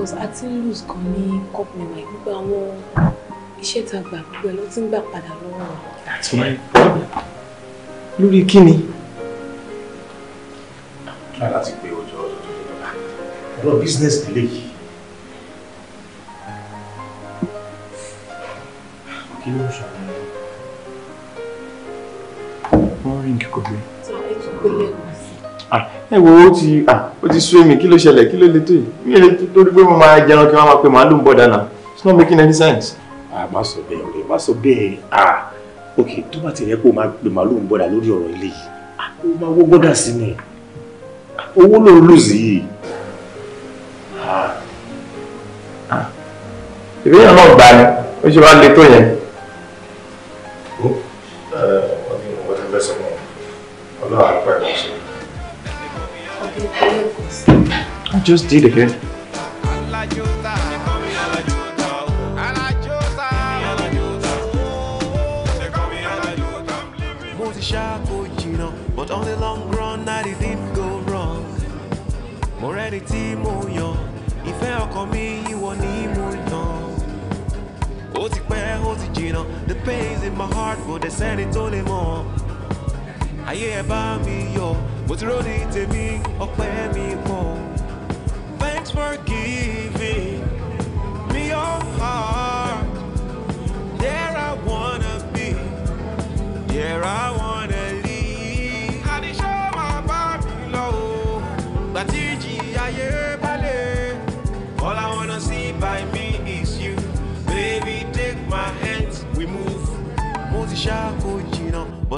because a ti ń lose gan ní company wa gbogbo àwọn iṣẹ́ tá a gbà gbogbo ẹ̀ ló ń gbà padà lọ́wọ́ wa. that's my problem. lórí kí ni. try láti pé ojú ọjọ́ tó tó dọ́là ọ̀rọ̀ business delay yìí. kí ló ń ṣàlàyé. wọ́n rí nǹkan gbé. sọ ètò ìpínlẹ̀ ọ̀hún ẹ wo ó ti ó ti sú èmi kí ló ṣẹlẹ̀ kí ló lè tó yìí mi ò lè torí pé mo máa jẹran kí wọ́n máa pe màálù ń bọ̀ dáná it's not making any sense. a má sọ bẹ́ẹ̀ ọ̀rẹ́ má sọ bẹ́ẹ̀ ah ok tó bá ti rẹ pé o máa pe màálù ń bọ̀dà lórí ọ̀rọ̀ ilé yìí o máa wó gbọ́dà sí ni owó ló ń lòsì yìí. ìbéèyàn náà gbà ni ó ṣe wá le tó yẹn. ó wọ́n ní wọ́n ti fẹ́ sọ́kàn ọlọ́run àpá ẹ̀ wọ́n sọ. I just did again. But on the long run, I didn't go wrong. Mo rẹ́ni tí mo yàn, ìfẹ́ ọkàn mi ìwọ ni mo yàn. Ó ti pẹ́, ó ti the pain in my heart, but there's anything tó lè mọ̀. ayé bá mi yọ̀ mo ti tèmi ọpẹ́ mi pọ̀. Thanks for giving me your heart. There I wanna be. There I wanna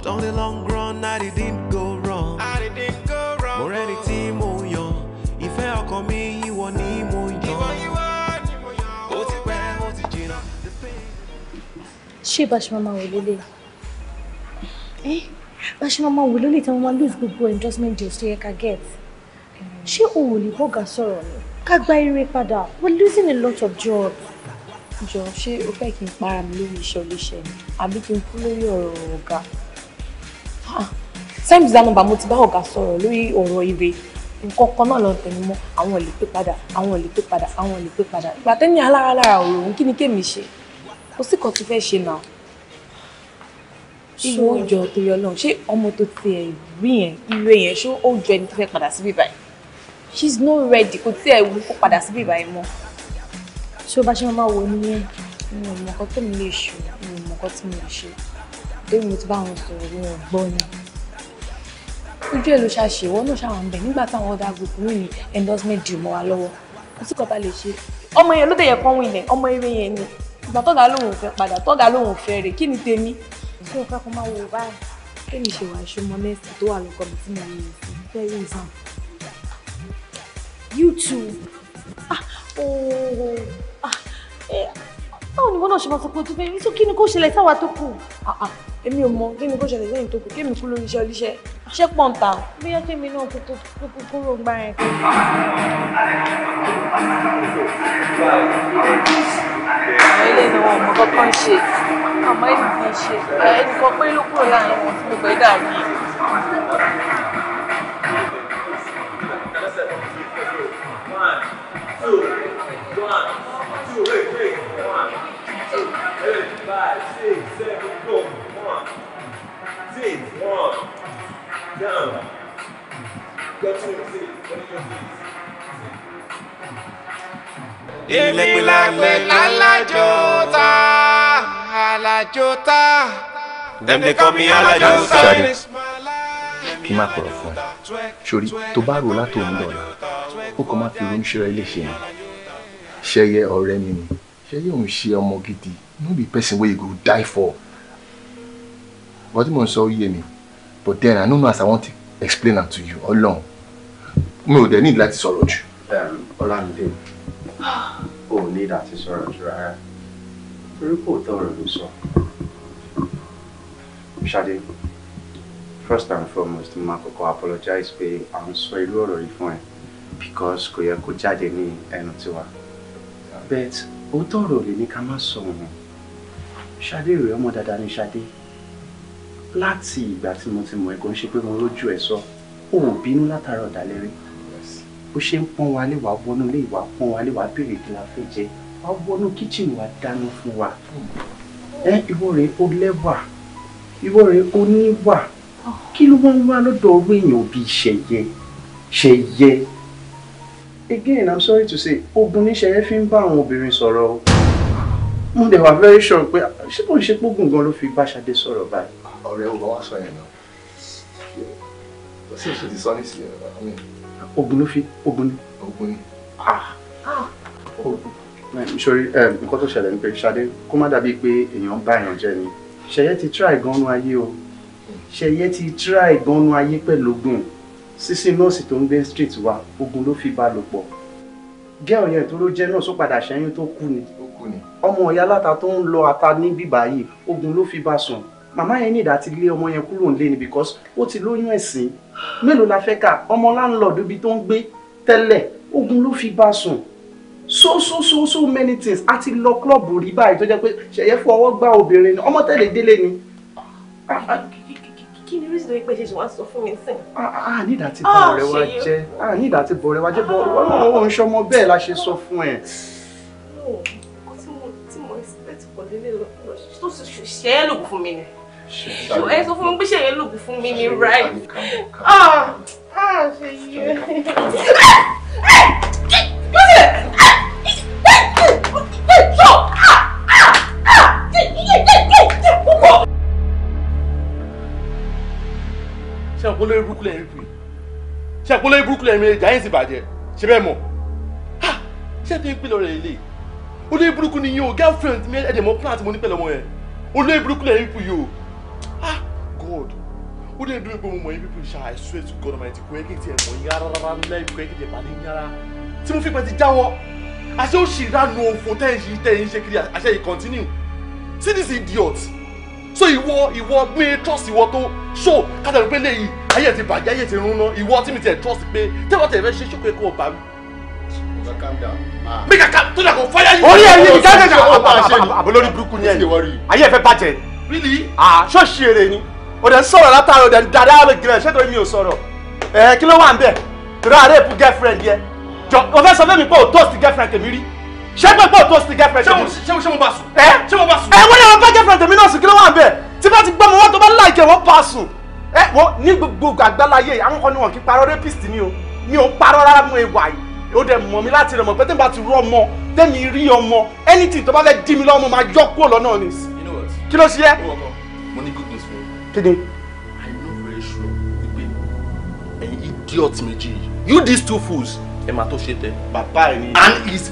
but on the long run I didn't go wrong. I didn't go wrong. mo rẹ́ni tí mo yàn ìfẹ́ ọkàn mi ìwọ ni mo yàn. ìwọ ìwọ ni mo yàn. ó ti pẹ́ ó ti jìnnà. ṣé ìbáṣe máa wò lélẹ̀? ẹ́ eh? ìbáṣe máa wò lélẹ̀ tí wọ́n máa lose gbogbo endorsement deals tó yẹ ká get. ṣé o ò lè bọ́gà sọ̀rọ̀ ni? ká gba eré we're losing a lot of jobs jọ She o fẹ́ kí n para mi lórí iṣẹ́ olóṣẹ́ ni àbí kí n kú times ah, that number mo ti bá ọ̀gá sọ̀rọ̀ lórí ọ̀rọ̀ ìwé nǹkan kan náà ló ń tẹnu mọ́ àwọn lè pé padà àwọn lè pé padà àwọn lè pé padà ìgbà tẹ́ni alára lára òòrùn kí ni kémi ṣe kò sí kan tí fẹ́ ṣe náà ìwé òjò tó yọ náà ṣé ọmọ tó tiẹ̀ rí yẹn ìwé yẹn ṣé ó jọ ẹni tó fẹ́ padà síbí báyìí she's not ready kò tiẹ̀ wù kó padà síbí báyìí mọ́ ṣé ó bá ṣe máa wò ó nìyẹn mi ò mọ̀ tó mi lè ṣe pé mo ti bá wọn sọ̀rọ̀ wọn ò gbọ́ ni ojú ẹ̀ ló ṣàṣe ìwọ náà ṣàwọn bẹ̀ nígbà táwọn ọ̀dà group mi ní endorsement deal mọ́ wa lọ́wọ́ kò sí kọ́ba lè ṣe ọmọ yẹn ló dẹ̀ yẹ kán wí lẹ̀ ọmọ eré yẹn ni ìgbà tọ́gà lòun fẹ́ padà tọ́gà lòun fẹ́ rè kí ni tèmi. ṣé o fẹ́ kó máa wo báyìí. kémi ṣe wàá ṣọmọ nẹ́ẹ̀sì tó wà lọ́kọ mi tí mo yẹ fún very exam. you too. ah ooo oh, oh, ah. Eh, báwo ni wọn náà ṣe máa sọ pé o ti fẹ́ rí tó kí ni kò ṣẹlẹ̀ sáwa tó kù. Ah, ah, èmi ò mọ kí ni kò ṣẹlẹ̀ sẹ́yìn tó kù kémi kú lórí iṣẹ́ oníṣẹ́ ṣé pọ̀ǹta. bóyá kémi náà kó tó kú kúrò gbá yẹn. àwọn ilé ni wọn ò mọ kankan ṣe àmọ́ ẹnì kan ṣe ẹnì kan pé ló kúrò láàrin wọn tí gbogbo ẹ̀ dàrú yìí. dem dey call me alájò ta. ṣàdé kí n má kọ̀rọ̀ fún ẹ sórí tó bá rò látò ń dọ̀la ó kàn máa fi ronú ṣe ilé ṣe ni ṣẹyẹ ọ̀rẹ́ mi ni ṣẹyẹ òun ṣe ọmọ gidi no be person wey you go die for but mo n sọ yé mi but then i no know as i want to explain am to you Ọlọ́run mi ò dẹ ní láti sọ̀rọ̀ jù. Ọlámídé o ò ní ìdàtí sọ̀rọ̀ jù rárá torí kò first and foremost, mo máa kọ́kọ́ apologize pé à ń sọ irú ọ̀rọ̀ yìí fún ẹ because kò yẹ kó jáde ní But ó tọ̀rọ̀ lè ní ká má sọ Shadi. Ṣadé rèé ọmọ dáadáa ní Ṣadé. Láti ìgbà tí mo ti mọ̀ ẹ́ kò ń ṣe pé mo lójú ẹ̀ sọ, o ò bínú látara ọ̀dàlẹ́rẹ́ bó ṣe ń pọ́n wa lé wàá wọnú pọ́n wa lé wàá kí la fẹ́ jẹ wàá wọnú kíchìnì wàá dáná fún wa ẹ ìwọ rẹ ó lẹ́wà ìwọ rẹ ó níwà kí ló wọ́n wá lọ́dọ̀ owó èèyàn bíi ṣẹ̀yẹ ṣẹ̀yẹ again i'm sorry to say ogun ní ṣẹ̀yẹ fi ń bá àwọn obìnrin sọ̀rọ̀ o mo dẹ̀ wà very sure pé ṣé kò ń ṣe pógun gan ló fi bá Ṣadé sọ̀rọ̀ báyìí. ọ̀rẹ́ ò bá wá sọ yẹn náà kò sí ti sọ ní sílẹ̀ rẹ̀ I ogun ló fi ogun ni. ogun ni. ah ah ogun. Eh, sori eh, nǹkan tó ṣẹlẹ̀ ni pé Ṣadé kó má dàbíi pé èèyàn bá èèyàn jẹ ni ṣẹyẹ ti try gan-an ayé o ṣẹyẹ ti try gan-an ayé pẹ̀lú ogun sísí nọ́ọ̀sì tó ń gbé street wa ogun ló fi bá lò pọ̀ gẹ́ọ̀ yẹn tó ló jẹ́ nọ́ọ̀sì ó padà ṣẹ́yìn tó kú ni ọmọ ìyá aláta tó ń lọ ata ní bíbá yìí ogun ló fi bá sùn màmá yẹn ní ìdá ti lé ọmọ yẹn kúrò nílé ni because ó ti lóyún ẹ̀sìn mélòó la fẹ́ kà ọmọ láńlọ́ọ̀dù ibi tó ń gbé tẹ́lẹ̀ ogun ló fi bá sùn so so so so many things a ti lọ klọ́ọ̀bù rí báyìí tó jẹ́ pé ṣẹ̀yẹ́ fọwọ́ gbá obìnrin ni ọmọ tẹ̀lé délé ni. Ah, ah, kí ni reason pé ṣe ṣe wá sọ fún mi sìn. a ní ìdàtí bọ̀rẹ̀ rẹ wá jẹ́ a ní ìdàtí bọ̀rẹ̀ wá jẹ́ bọ̀rẹ̀ wọn náà wọn ń ṣọmọ bẹ́ẹ̀ la ṣe sọ fún ẹ. nǹkan tí mo tí mo expect kò délé lọ tó ṣe ṣẹ́ lògùn fún mi ni ẹ sọ fún mi pé ṣèyẹ lògùn fún mi ní right. ṣèyẹ. ṣe àpolóyè lẹ́yìn rí ṣe àpolóyè burúkú lẹ́yìn rí jàyẹ̀nsì bàjẹ́ ṣe bẹ́ẹ̀ mọ̀ ṣé àti ìpínlẹ̀ rẹ̀ lè olóyè burúkú ni yín o girlfriend mi mọ́ plant ọmọ yẹn olóyè burúkú lẹ́yìn rí yìí o ó dẹ̀ dúró pé mo mọ̀ yín pípé ṣá I swear to God Almighty kò yẹ kí n tiẹ̀ mọ̀ yín rárá láì kò yẹ kí n tiẹ̀ bà ní yára tí mo fi pẹ́ ti jáwọ́ àṣẹ ó ṣì ránu òfò tẹ́ ẹ̀ ṣe tẹ́ ẹ̀ ń ṣe kiri àṣẹ yìí continue see this idiot so ìwọ ìwọ gbé trust ìwọ tó show kátàlú pé léyìí ayé ti bàjẹ́ ayé ti rún ná ìwọ tí mi tiẹ̀ trust pé tẹ́wọ́ tẹ̀ fẹ́ ṣe ṣókè kó o bá mi. mi ah. kàkà tó dà kó fáyà yìí. orí ẹ̀yìn ìdájọ́ ìjà àbọ̀lórí burúkú ni ẹ̀ ayé ẹ̀ fẹ́ bàjẹ́. really? ah ṣọ́ọ̀ṣì èrè ni o dẹ̀ ń sọ̀rọ̀ látara o dẹ̀ ń dada rẹ̀ gírẹ̀ ṣé torí mi ò sọ̀rọ̀ ẹ̀ kí ló wà ń bẹ̀ torí àárẹ̀ èpù girlfriend yẹ jọ o fẹ́ sọ fẹ́mi pé o toast girlfriend tèmi rí ṣé pé pé o toast girlfriend tèmi. ṣé mo ṣé mo bá sùn. ẹ ṣé mo bá sùn. ẹ wọ́n yẹ wọ́n bá girlfriend tèmi náà sùn kí ló wà ń bẹ̀ tí bá ti gbọ́ mi wọ́n tó bá láìkẹ́ wọ́n bá sùn. ẹ wo ní gbogbo àgbáláyé àwọn kan ní wọn kì í parọ́ rapist ni o mi ò parọ́ rárá mu ewa yìí ó dẹ̀ mọ̀ mi láti rẹ̀ mọ̀ pé tẹ́mi bá ti rú ọmọ tẹ́mi rí ọmọ anything tó bá fẹ́ dí mi lọ́mọ máa yọ kúrò lọ́nà ni. kí ló ṣe é. mo ní gbogbo kí ni. i'm not very sure wípé ẹ̀yin idiot méjì you these two fools ẹ máa tó ṣe tẹ. bàbá ẹ ni. and he is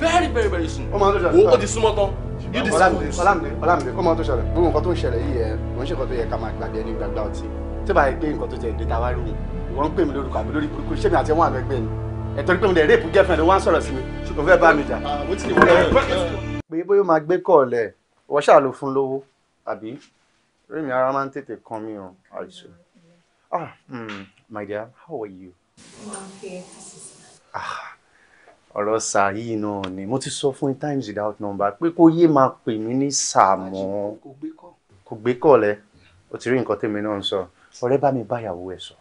very very very soon. ó máa tó ṣẹlẹ̀ wo ó ti súnmọ́ tán. you these fools. ọlámìdé ọlámìdé ó máa tó ṣẹlẹ̀ gbogbo nǹkan tó ń ṣẹlẹ̀ yìí ẹ̀ wọ́n ṣe nǹkan tó yẹ ká máa gbàgbé ẹni gbàgbá ọtí tí báyìí pé nǹkan tó jẹ ìdíta wá rí ìwọ ń pè mí lórúkọ àbí lórí burúkú ṣé mi àti ẹwọn àgbẹgbẹ ni ẹ̀tọ́ pé mo dẹ rape girlfriend wá ń sọ̀rọ̀ sí mi ṣùgbọ́n fẹẹ bá mi jà. Ah, pé bóyá máa gbé kọ̀ọ̀lẹ̀ wọ́n ṣàlò fún lówó àbí Remy Aramante te come here also. Ah, mm, my dear, how are you? okay. Ah, ọ̀rọ̀ sà yìí náà ni mo ti sọ fún times without number pé kó yé máa pè mí ní sà mọ́. Kò gbé kọ̀ lẹ, o ti rí nǹkan tèmi náà ń sọ. Ọ̀rẹ́ bá mi báyàwó ẹ̀ sọ.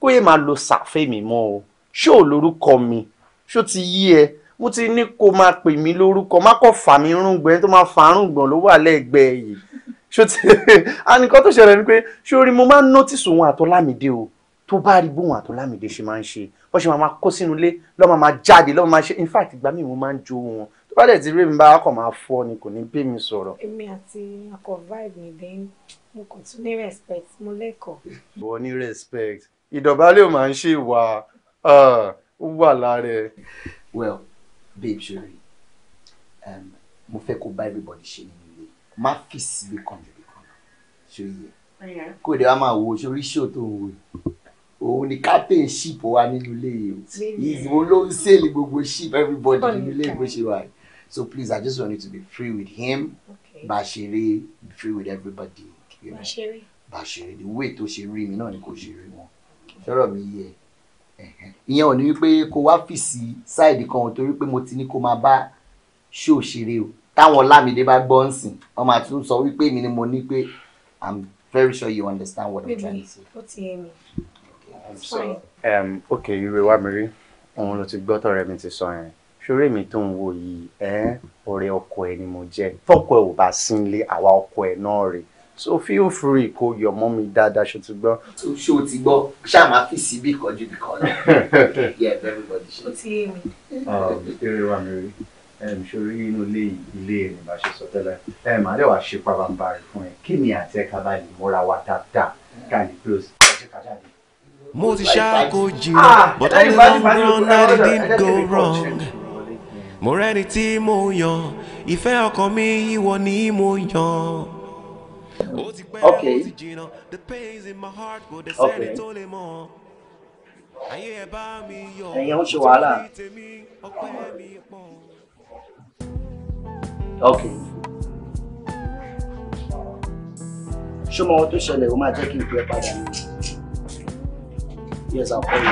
Kó yé máa lo sàfẹ́ mi mọ́ o. Ṣé ò lórúkọ mi? Ṣó ti yí ẹ? Mo ti ní kó máa pè mí lórúkọ, má kọ́ fà mí rúngbẹ́ tó máa fa rúngbọ̀n ló wà lẹ́gbẹ̀ẹ́ yìí ṣó ti àní kan tó ṣẹlẹ̀ ni pé ṣórí mo máa ń nọ́tìsì òun àtọ́lámìdé o tó bá rí bóun àtọ́lámìdé ṣe máa ń ṣe bó ṣe máa máa kó sínú ilé ló máa jáde ló máa ṣe in fact ìgbà míì mo máa ń jó wọn tó bá dẹ̀ ti rí mi bá kọ̀ máa fọ́ ni kò ní bí mi sọ̀rọ̀. èmi àti akọ vibe mi dé mo kò tún ní respect mo lẹ́kọ̀ọ́. wọ́n ní respect ìdọ̀bálẹ̀ ò máa ń ṣe ìwà ó wà lára ẹ̀. well babe sori um, mo fẹ́ kó bá everybody ṣe ni má fì síbi kan jùlọ kan ṣó yẹ kó dé wá máa wo sórí ṣó tó ń wo òun ni captain ship wa nínú ilé yìí ìwọ ló ń sèlè gbogbo ship everybody nínú ilé bó ṣe wà so please i just want you to be free with him bàṣẹrẹ be free with everybody bàṣẹrẹ the way tó ṣe rí mi náà ni kò ṣe rí wọn ṣọ́rọ̀ mi yẹ ìyẹn ò ní wípé kó wá fì sí sáìdì kan torí pé mo ti ní kó máa bá ṣó ṣeré o táwọn Lámìdé bá gbọ́ ń sìn wọ́n máa tún sọ wípé mi ni mo ní pé i'm very sure you understand what i'm trying to say. ó ti yé mi. so um, ok ìwé wa mi rí òun ló ti gbọ́ tọ̀rẹ́ mi ti sọ yẹn ṣoré mi tó ń wo yìí ẹ ọ̀rẹ́ ọkọ ẹ ni mo jẹ́ fọ́kọ ẹ ò bá sínlé àwa ọkọ ẹ náà rèé so feel free kó yọ mọ́ mi dáadáa ṣe ti gbọ́. ṣé o ti gbọ́ ṣáà máa fi sí bí kan ju bí kan lọ. yes everybody ṣe. ó ti yé mi. ọ̀ èrè mi rí ṣorí inú ilé ilé rẹ bá ṣe sọ tẹ́lẹ̀ ẹ màá dẹ̀ wá ṣe pàbàǹbarì fún ẹ kí ni àti ẹ̀ka bá múra wa dáadáa ká lè close ọjọ́ kájà lè. mo ti ṣáàkó ah, jìnnà but all the long run I didn't go wrong mo rẹ́ni tí mo yan ìfẹ́ ọkàn mi ìwọ ni mo yan. Okay. Okay. Ẹ̀yin ó ṣe wàhálà. Okay. ṣé mo tó ṣẹlẹ̀ o máa jẹ́ kí n pè é padà ní yes I'll call you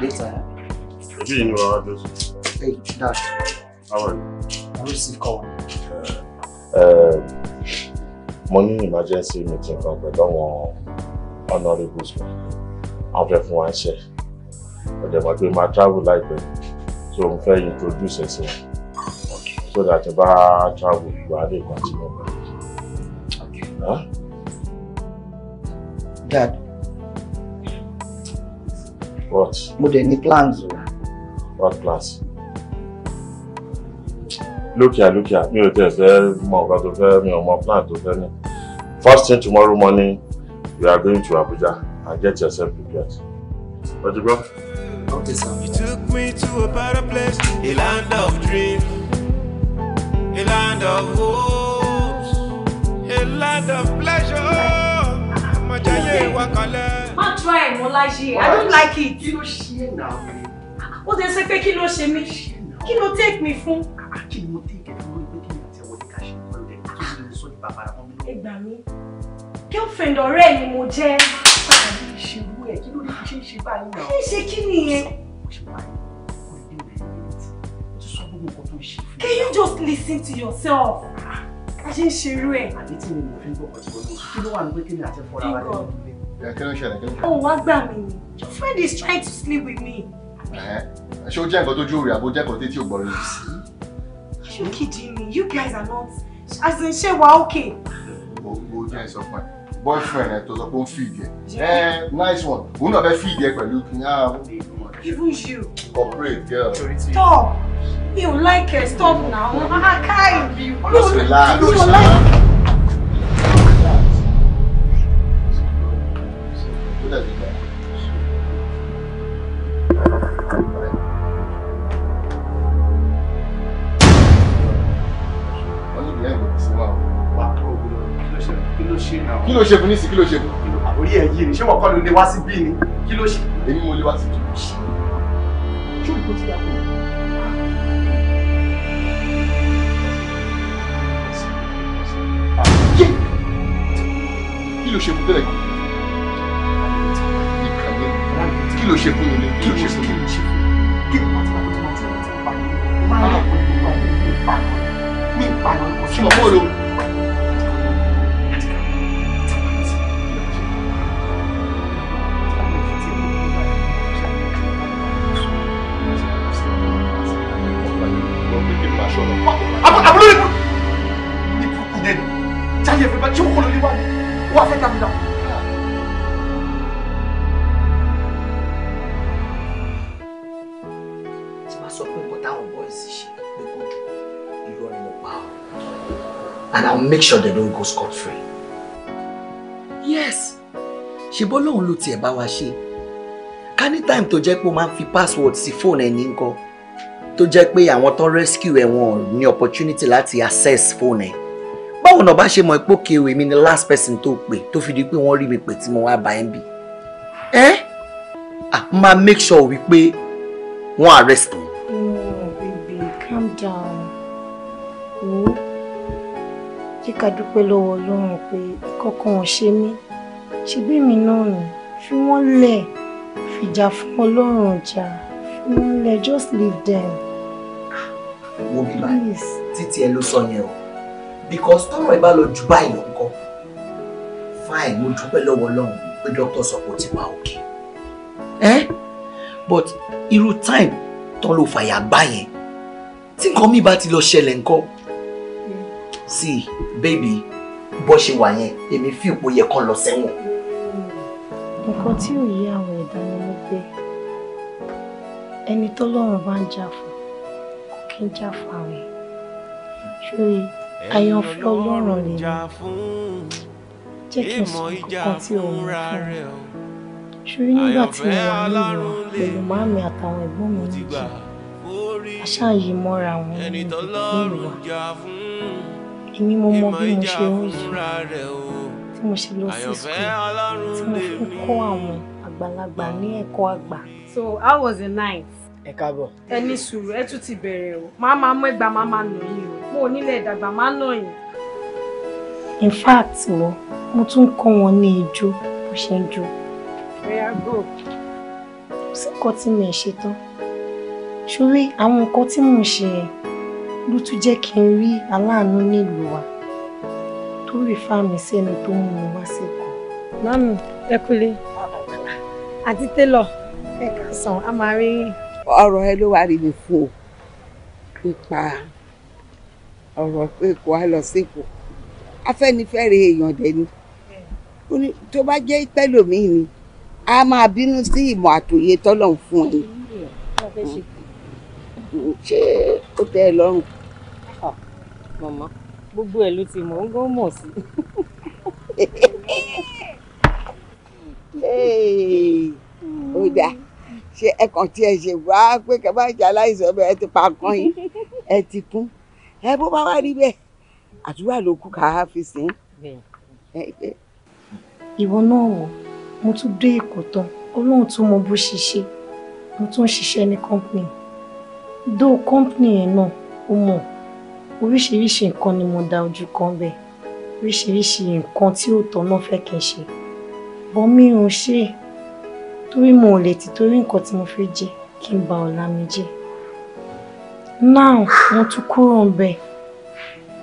later. ojú yìí ni wàá wá dọ́sùn. hey dad. how are you. I receive call. Uh, mo ní emergency meeting kan pẹ̀lú àwọn honourables mi wọ́n fẹ́ fún wa ṣe ọ̀dẹ̀mọ̀ pé máa travel láìpẹ́ so mo fẹ́ introduce ẹ̀ sí wọn so that ẹ bá travel wàá to continue pẹ̀lú. Dad. What? Mo dẹ̀ ní plans What plans? Look here, look here. You fẹ́ mọ ọ̀gá tó fẹ́ mi ò mọ plan tó fẹ́ ní. First thing tomorrow morning we are going to Abuja and get yourself prepared. Ọ̀dùgbọ́. Okay, sir. You took me to a better place, a land of dreams a land of hopes, a land of pleasure. Majaye try mo láyé, I don't like it. Kí ló ṣe náà? Ó ti ṣe pé kí ló ṣe mí? Kí ló take me fún? Kí ló take me fún? Pé kí ni ti wọlé ká ṣe kọ́ lẹ̀? Kí ló lè sọ ní bàbá rẹ̀ mọ́ mi? Ẹ gbà mí. Girlfriend ọ̀rẹ́ ni mo jẹ́. Báyọ̀ ní ìṣerú ẹ̀, kí ló ní ṣe ń ṣe báyìí náà? Kí ń ṣe kí nìyẹn? Ó ṣe báyìí, ó rí bí ó rẹ̀ ní ìrètí. Ó ti sọ gbogbo nǹkan tó ń ṣe Can you just listen to yourself? I didn't share ṣerú ẹ̀. Àbí tí mo fi ń bọ̀ pẹ̀lú olú, kí ló wà ní pé kí oh, ni àti fọ́ra wa Your friend is trying to sleep with me. Ṣé ó jẹ́ nǹkan tó júwèé àbó jẹ́ nǹkan tí tí ò gbọ́rọ̀ yìí sí? Are you kidding me? You guys are not. As in ṣé okay? Mo mo jẹ́ sọ Boyfriend ẹ tó sọ pé ó ń fìdí ẹ. Eh, nice one. Òun náà fẹ́ fìdí ẹ pẹ̀lú kí even you. Cooperate, girl. Stop. You like it. Stop now. I can't. You. Just relax. You like it. kí ló ṣe fún nísìsiyìí kí ló ni ṣé wọ́n kọ́ ló lè wá sí bí ni kí ló ṣe. èmi mo lè wá sí bí ojú òkú ti dàpọ̀. kí ló ṣe fún tẹ́lẹ̀ kan? kí ló ṣe fún mi? kí ló ṣe fún mi? kí ló máa ti máa tó tó máa tó tó máa tó máa lọ pé mi ò bá mi ò bá mi ò bá mi ò bá èmi máa ṣọ̀rọ̀ pa àbúrò ìlú ní kúkú yẹn ni jáde ẹ̀fẹ̀ bá tí wọ́n kọ́ lórí wa ni wọ́n á fẹ́ dàbí náà. tí máa sọ pé nǹkan táwọn boys ṣe pé kò jù irọ́ ni mo pa ọ́ and I will make sure they don't go scot free. yes ṣe bọ́ lóun ló tiẹ̀ bá wa ṣe ká ní time tó jẹ́ pé o máa ń fi password sí fóònù ẹni nǹkan tó jẹ́ pé àwọn tó rescue ẹ̀ wọn ní opportunity láti access phone ẹ̀ báwo náà bá ṣe mọ̀ pé òkè èmi ni last person tó pè tó fi di pé wọ́n rí mi pè tí mo wá bá ẹ̀ ń bì ẹ́ ah máa make sure wípé wọ́n arrest me. Oh, baby calm down wo kí ká dúpẹ́ lọ́wọ́ ọlọ́run pé kọ́kọ́ wọn ṣe mí ṣe bí mi náà nù fi wọ́n lẹ̀ fìjà fún ọlọ́run jà. Nle, just leave them. Wo bí báyìí. Titi, ẹ ló sọ o. Because tomorrow ẹ bá lọ jù báyìí lọ Fine, mo dúpẹ́ lọ́wọ́ Ọlọ́run pé dókítà sọ pé ó ti wà òkè. Ẹ́ but irú time tán ló fàyà gbá yẹn. Tí nǹkan mi bá ti lọ ṣẹlẹ̀ ńkọ́. See, baby, bó ṣe wà yẹn, èmi fi ipò yẹ kán lọ sẹ́wọ̀n. Nǹkan tí ò yé àwọn ẹni tọ́lọ́run bá ń jà fún kò kí ń jà fún àwẹ̀ ṣórí àyànfẹ́ ọlọ́run lè ní jẹ́ kí n sọ kankan tí òun fún mi ṣórí nígbà tí mo wà nílùú pẹ̀lú màámi àtàwọn ẹ̀gbọ́n mi níjà àṣà yìí mọ́ra wọn ní ìlú wa èmi mo mọ bí mo ṣe ń yí tí mo ṣe lọ sí skul tí mo fi kọ́ àwọn àgbàlagbà ní ẹ̀kọ́ àgbà so how was the night. ẹ káàbọ̀. ẹ ní sùúrù ẹ tún ti bẹ̀rẹ̀ o máa máa mú ẹgbàá máa máa nà yín o mo ò nílẹ̀ ìdàgbà máa nà yín. in fact wo mo tún kọ́ wọn ní ijó bó ṣe ń jó. ẹ̀yà go. kò sí nǹkan tí mi ò ṣe tán ṣorí àwọn nǹkan tí mò ń ṣe yẹn ló tún jẹ́ kí n rí aláàánú nílùú wa tó rí fáàmì sẹ́ni tó mú mi wá sí ẹ̀kọ́. mami ẹ kúlé àti télọ̀ ẹ a sàn á máa rí. ọ̀rọ̀ ẹ ló wá rí mi fún o nípa ọ̀rọ̀ pé kò á lọ sípò afẹ́nifẹ́re èèyàn dẹni tó bá jẹ́ pẹ́lòmíì ni a máa bínú sí ìmọ̀ àtòyé tọ́lọ̀ fún ẹ ṣé ó tẹ́ ẹ lọ́rùn. Ah, màmá gbogbo ẹ ló ti mọ̀ ó gán mọ̀ sí. ó dáa ṣe ẹkàn tí ẹ ṣe wá pé kẹfà ṣe aláìsàn bẹ ẹ ti pa kan yín ẹ ti kún ẹ bó bá wá rí bẹ́ẹ̀ àdúrà ló kù ká fi sìn ìwọ náà wò mo tún dé èkó tán ọlọ́run tún mọ bó ṣe ṣe mo tún ń ṣiṣẹ́ ní company dó company yẹn náà ó mọ oríṣiríṣi nǹkan ni mo da ojú kan bẹ́ẹ̀ oríṣiríṣi nǹkan tí ò tọ́ náà fẹ́ kí n ṣe bọ́ mi ò ṣe é torí mo ò lè ti torí nǹkan tí mo fẹ́ jẹ kí n ba ọ̀la mi jẹ now mo tún kúrò ń bẹ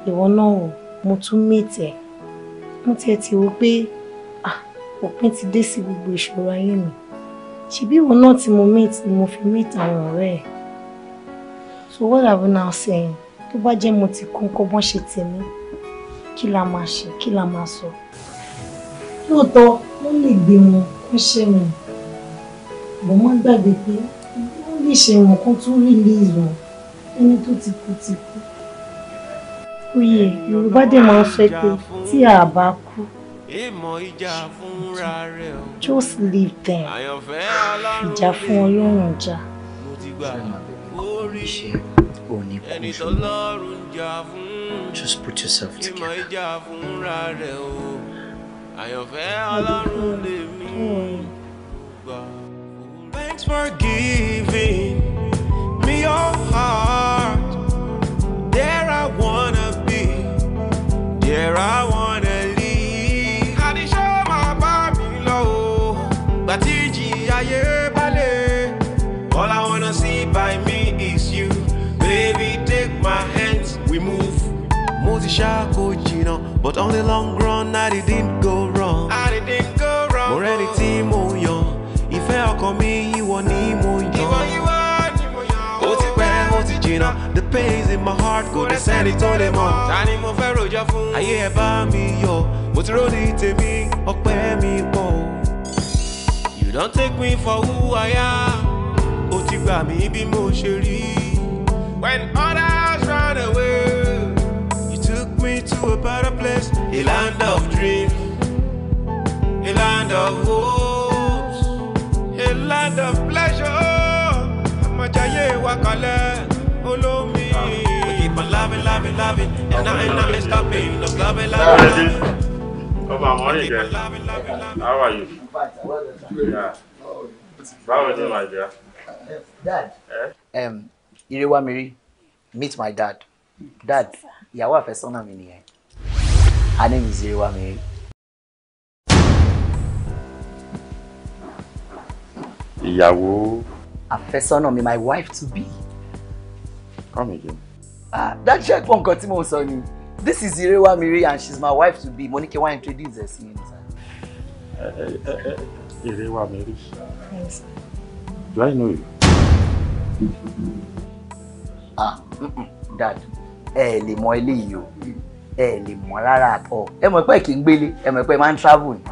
ìwọ náà wò mo tún mètì ẹ mo tiẹ̀ ti wò pé òpin ti dé sí gbogbo ìṣòro ayé mi ṣebí ìwọ náà tí mo mètì ni mo fi mètì àwọn ọ̀rẹ́ ẹ̀ so what have you now say, tó bá jẹ́ mo ti kún kọ́ bọ́n ṣe tèmi kí la máa ṣe kí la máa sọ lóòótọ́ wọ́n lè gbé wọn kó ṣe wọn mo máa ń gbàgbé pé wọ́n lè ṣe kan tó rí ilé ìwọ̀n ẹni tó ti kú ti kú. oyè yorùbá dẹ̀ máa ń fẹ́ pé tí a bá kú just leave them ìjà fún ọlọ́run jà. Just put yourself together. Thanks for giving me your heart. There I wanna be. There I wanna live. show my body But all I wanna see by me is you. Baby, take my hands, we move. Moses shako you know, but on the long run, I didn't go pains in my heart kò dé sẹ́ni tó lè mọ̀. ta ni mo fẹ́ ròjọ́ fún. ayé ẹ bá mi yọ̀ mo ti ròní tèmi ọpẹ́ mi pọ̀. you don take me for who I am o ti gbà mí bí mo ṣe rí. when others run away you took me to a better place a land of dreams a land of hopes a land of pleasure. àmọ̀jáyé wa kalẹ̀ love it, love it, love it, and I ain't not stopping. Love, love it, love it, love it. Oh, my morning, guys. How are you? Yeah. Báwo ni my dear? Dad. Um, eh? Irewa Miri, meet my dad. Dad, ìyàwó àfẹ́sọ́nà mi nìyẹn. Her name is Irewa Miri. person Àfẹ́sọ́nà me, my wife to be. Come again ah that check fún nǹkan tí mo sọ ni this is irewa miri and she's my wife to be monike wa introduce ẹ sí yín sir. Eh, eh, eh, irewa miri do i know you. ah mm-mm, dad ẹ lè mọ eléyìí o ẹ lè mọ rárá àtọ ẹ mọ̀ pé kì í gbélé ẹ mọ̀ pé máa ń travel ni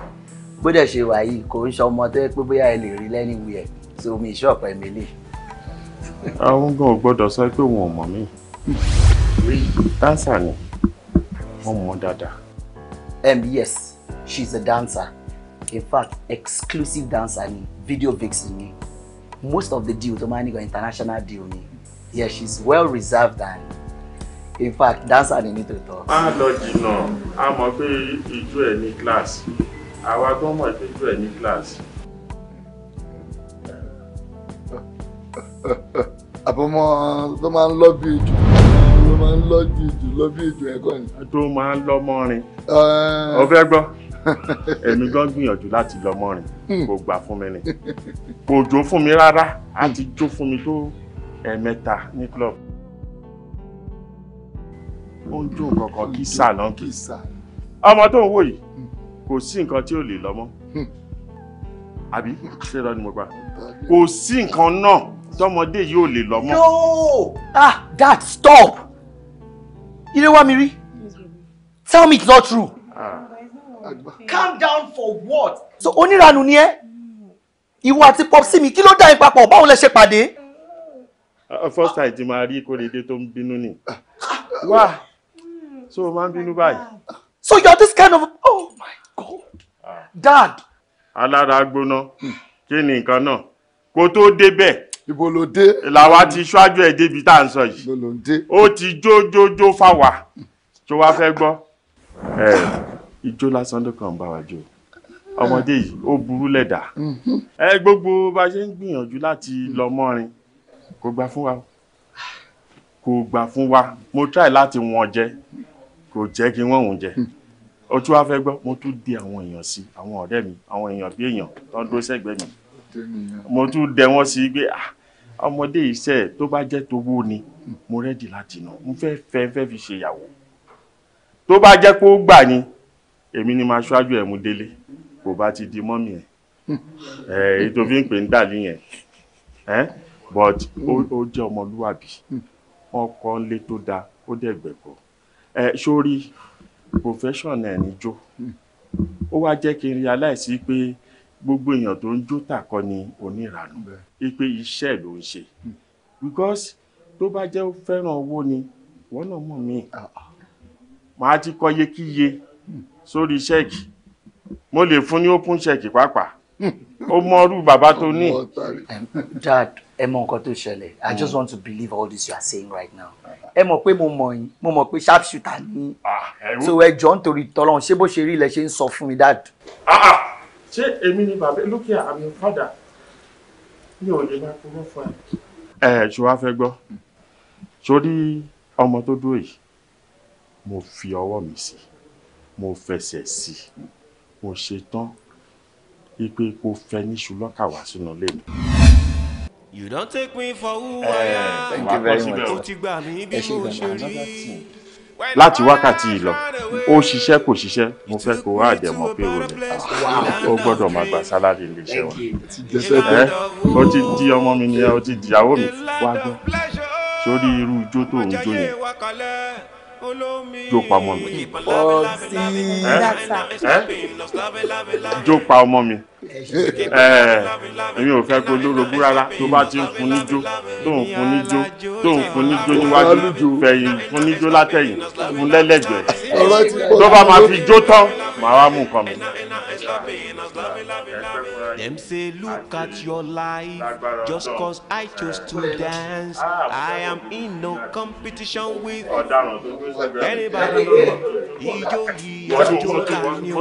bó dẹ̀ ṣe wà yìí kò ń ṣe ọmọ tó yẹ pé bóyá ẹ lè rí lẹ́nìwé ẹ̀ tí omi ìṣọ́ọ̀pẹ̀ mi lè. àwọn gan ò gbọ́dọ̀ sọ pé òun ò mọ̀ mí dancer ni wọ́n mọ̀ dáadáa. Um, yes she's a dancer in fact exclusive dancer ni video vixen ni most of the deals, tó máa ń ní international deal ni yes she well reserved and in fact dancer ni nítòótọ́. má lọ jìnnà a mọ̀ pé ijó ẹ̀ ní class àwa gan mọ̀ pé ijó ẹ̀ ní class àbọ̀mọ tó máa ń lọ bí ejò ló máa ń lọ bí ejò lọ bí ejò ẹ̀kọ́ ni. tó máa ń lọ mọ́rin ó fẹ́ gbọ́ èmi gan gbìyànjú láti lọ mọ́rin hmm. kò gbà fún mi ni kò jó fún mi rárá á ti jó fún mi tó ẹ̀ẹ̀mẹ́ta ní club ó ń jó kankan kí sà náà kí ọmọ tó ń wò yìí hmm. kò sí nǹkan tí ò lè lọ mọ́ hmm. àbí ṣé lọ ni mo gbà kò sí nǹkan náà tọmọdé yìí ò lè lọ mọ. no ah dad stop ire wa mi rí tell me it's not true. Ah. calm down for what. so oníranu ni ẹ ìwọ àti popsi mi kí ló dá yín papọ̀ báwo lẹ ṣe pàdé. Uh, first time tí màá rí kórèdé tó ń bínú ni wá so o máa ń bínú báyìí. so you're this kind of oh my god ah. dad. alára gbóná hmm. kí ni nǹkan náà kó tó débẹ̀ Ibolode, ló dé. làwa ti ṣáájú ẹ débi tá à ń sọ yìí. ibo ló ń dé. ó ti jójójó fáwa tó wá fẹ́ gbọ́. ijó lásán ló kàn ń bá wa jó ọmọdé yìí ó burú lẹ́dà. ẹ gbogbo bá a ṣe ń gbìyànjú láti lọ mọ́rin kò gbà fún wa kò gbà fún wa mo try láti wọ́n jẹ kò jẹ́ kí wọ́n òun jẹ ó tún wá fẹ́ gbọ́ mo tún di àwọn èèyàn sí àwọn ọ̀rẹ́ mi àwọn èèyàn bí èèyàn tó ń dó sẹ́gbẹ̀ẹ́ mi mo tún dẹ wọ́n sí pé ah, ọmọdé iṣẹ́ tó bá jẹ́ tówó ni mo rẹ́dì láti nà mo fẹ́ fẹ́ fẹ́ fi ṣe ìyàwó tó bá jẹ́ pé gbà ni èmi ni máa ṣáájú ẹ̀ mú délé kò bá ti di mọ́mì ẹ̀ hmm. èyí tó fi ń pè ń dàlú yẹn but ó jẹ́ ọmọlúwàbí wọ́n kọ́ lé tó dáa ó dẹ̀ gbẹ̀kọ́ sórí profession ẹ̀ níjó hmm. ó wá jẹ́ kí n realize pé gbogbo èèyàn tó ń jó tàkọ ni oníranú ipe iṣẹ́ ló ń ṣe hmm. because tó bá jẹ́ fẹ́ràn owó ni wọ́n náà mọ̀ mí ah, ah. màá ti kọ́ yekíye hmm. sórí ṣẹ́ẹ̀kì mo lè fún ní open ṣẹ́ẹ̀kì pàápàá hmm. ó mọrú bàbá tó ní. dad ẹ mọ nǹkan tó ṣẹlẹ̀ i just want to believe all this you are saying right now ah, ẹ mọ̀ pé mo mọ̀ yín mo mọ̀ pé sharp ni so ẹ jọ nítorí tọ́lọ́run ṣé bó ṣe rí ilẹ̀ ṣe ń sọ fún mi dad ṣé èmi ni bàbá lókè àmì fàdà mi ò máa kúrò fún ẹ. ẹ ṣe wá fẹ́ gbọ́ sórí ọmọ tó dúró yìí mo fi ọwọ́ mi sí mo fẹsẹ̀ sí mo ṣe tán ipe kò fẹ́ níṣu lọ́kà wá sínú ilé mi. you don take me for who I eh, am. ẹ ẹ wá kọ́ síbẹ̀ o. o ti gbà mí bí mo ṣe rí láti wákàtí yìí lọ ó ṣiṣẹ́ kò ṣiṣẹ́ mo fẹ́ kó wá àjẹmọ́ pé o lè ó gbọ́dọ̀ máa gba sálárì iléeṣẹ́ wa ẹ ó ti di ọmọ mi ni ó ti di ìyàwó mi wá gbọ́ sórí irú ijó tó ń jó yẹn jó pa ọmọ mi jó pa ọmọ mi èmi ò fẹ́ kó lórogún rárá tó bá ti ń fún níjó tó ń fún níjó tó ń fún níjó níwájú fẹ̀yìn fún níjó látẹ̀yìn fún lẹ́lẹ́gbẹ̀ẹ́ tó bá máa fi jó tán màá wá mú nǹkan mi. Them say look at your life just cause I chose to dance. I am in no competition with anybody. Ìjó yìí àjò ká ni o,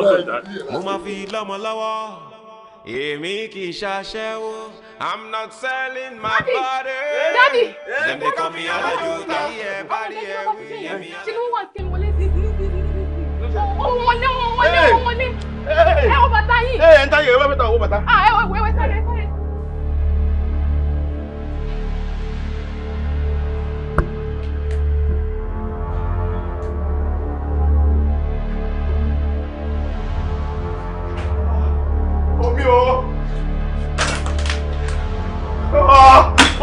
Èmi kì í I'm not selling my Daddy. body. Daddy! Dem dey call me Alajuta. Ṣé ló wà sí wọlé sí sí sí sí sí? Òun wọlé, òun wọlé, òun wọlé. Ẹ wọ bàtà yìí. Ẹ ẹ ń tayé, ẹ wọ bàtà, ẹ bàtà. Ah ẹ wọ ìwé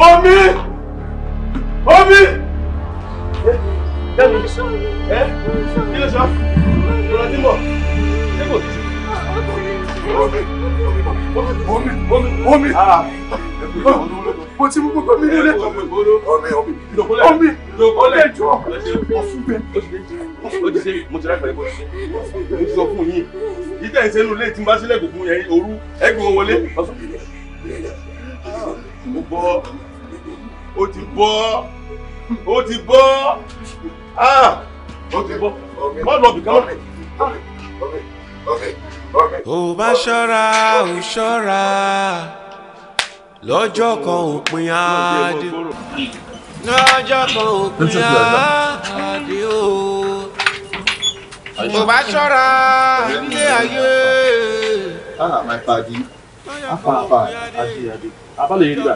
omi omi. ẹ ẹ kí ló sọ ìrọ̀lá tí ń bọ̀ ṣé kò tí. omi omi omi omi ah. Ah. mo ti mú gbogbo mi lé omi omi omi omi ẹjọ ọfún bẹ. o ti ṣe mo ti rẹ pẹ̀lú bó ti ṣe mo ti sọ fún yín yìí tẹ̀ ń sẹ́nu lé tí n bá sílẹ̀ kò fún yẹn òru ẹgbẹ́ wọlé. mo ó ti bọ́ ó ti bọ́ ah! ó ti bọ́ má lọ bìkan lọ́rẹ̀. ò bá ṣọ́ra ò ṣọ́ra lọ́jọ́ kan òpin àádé lọ́jọ́ kan òpin àádé o ò bá ṣọ́ra ilé ayé. Ah, my paddy afa afa adi adi afa lè rí gbà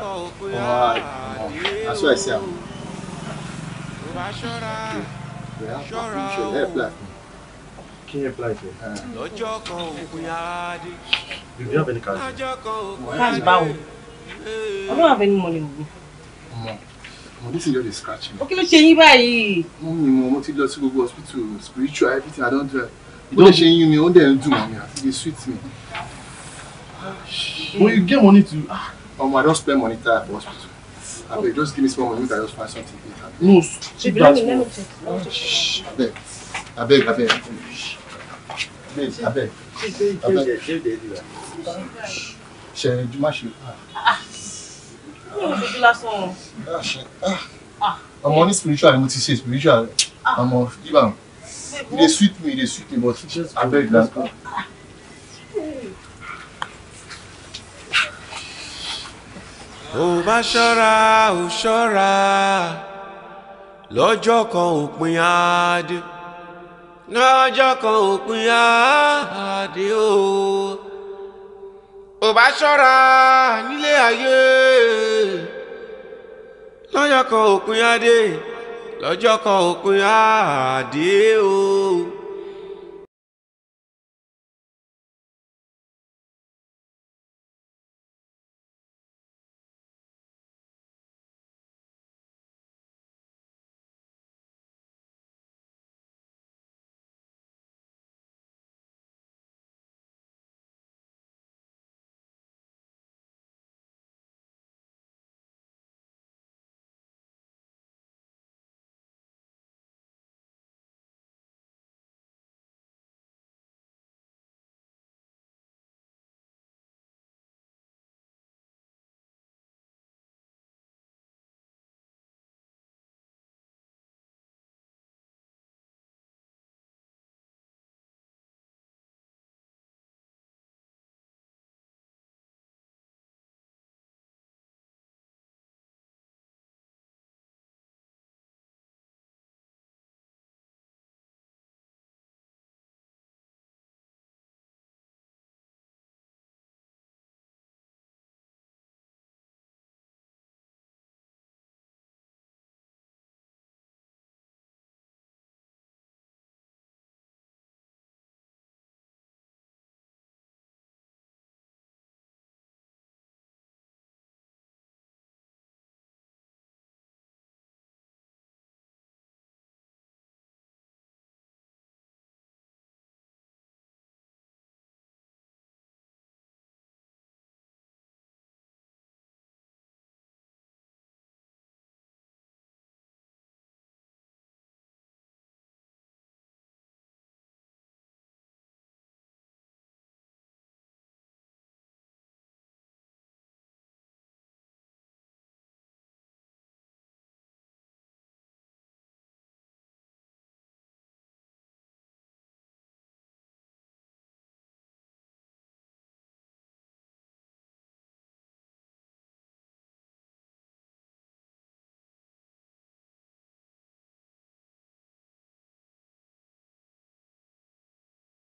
ọ̀hún aṣọ ẹ̀sẹ̀ àwọn. Can you apply for? Do you have any cash? Cash eh. báwo? I don't have any money with me. Mo dis girl dey scratch me. O kí ló ṣe yín báyìí? Mo mi mo mo ti lọ sí gbogbo hospital spiritual everything I don do. Ìdó ṣe yín mi, ó dẹ̀ ń dùn mọ́ mi àti dey sweet me. Well, you get money to. Ah, um, I don't spend money at for hospital. I beg, just give me small money. I just find something. No, cheap that. Let me check. Let me check. I beg. I beg. I beg. Babe, I beg. I beg. Ṣé ẹjú má ṣe. Ọmọ ní spiritual ni mo ti ṣe spiritual. Ọmọ ah. give am. E dey sweet me, e dey sweet me but abeg na. tó bá ṣọ́ra ò ṣọ́ra lọ́jọ́ kan òpin àádé lọ́jọ́ kan òpin àádé o ò bá ṣọ́ra nílé ayé lọ́jọ́ kan òpin àádé lọ́jọ́ kan òpin àádé o.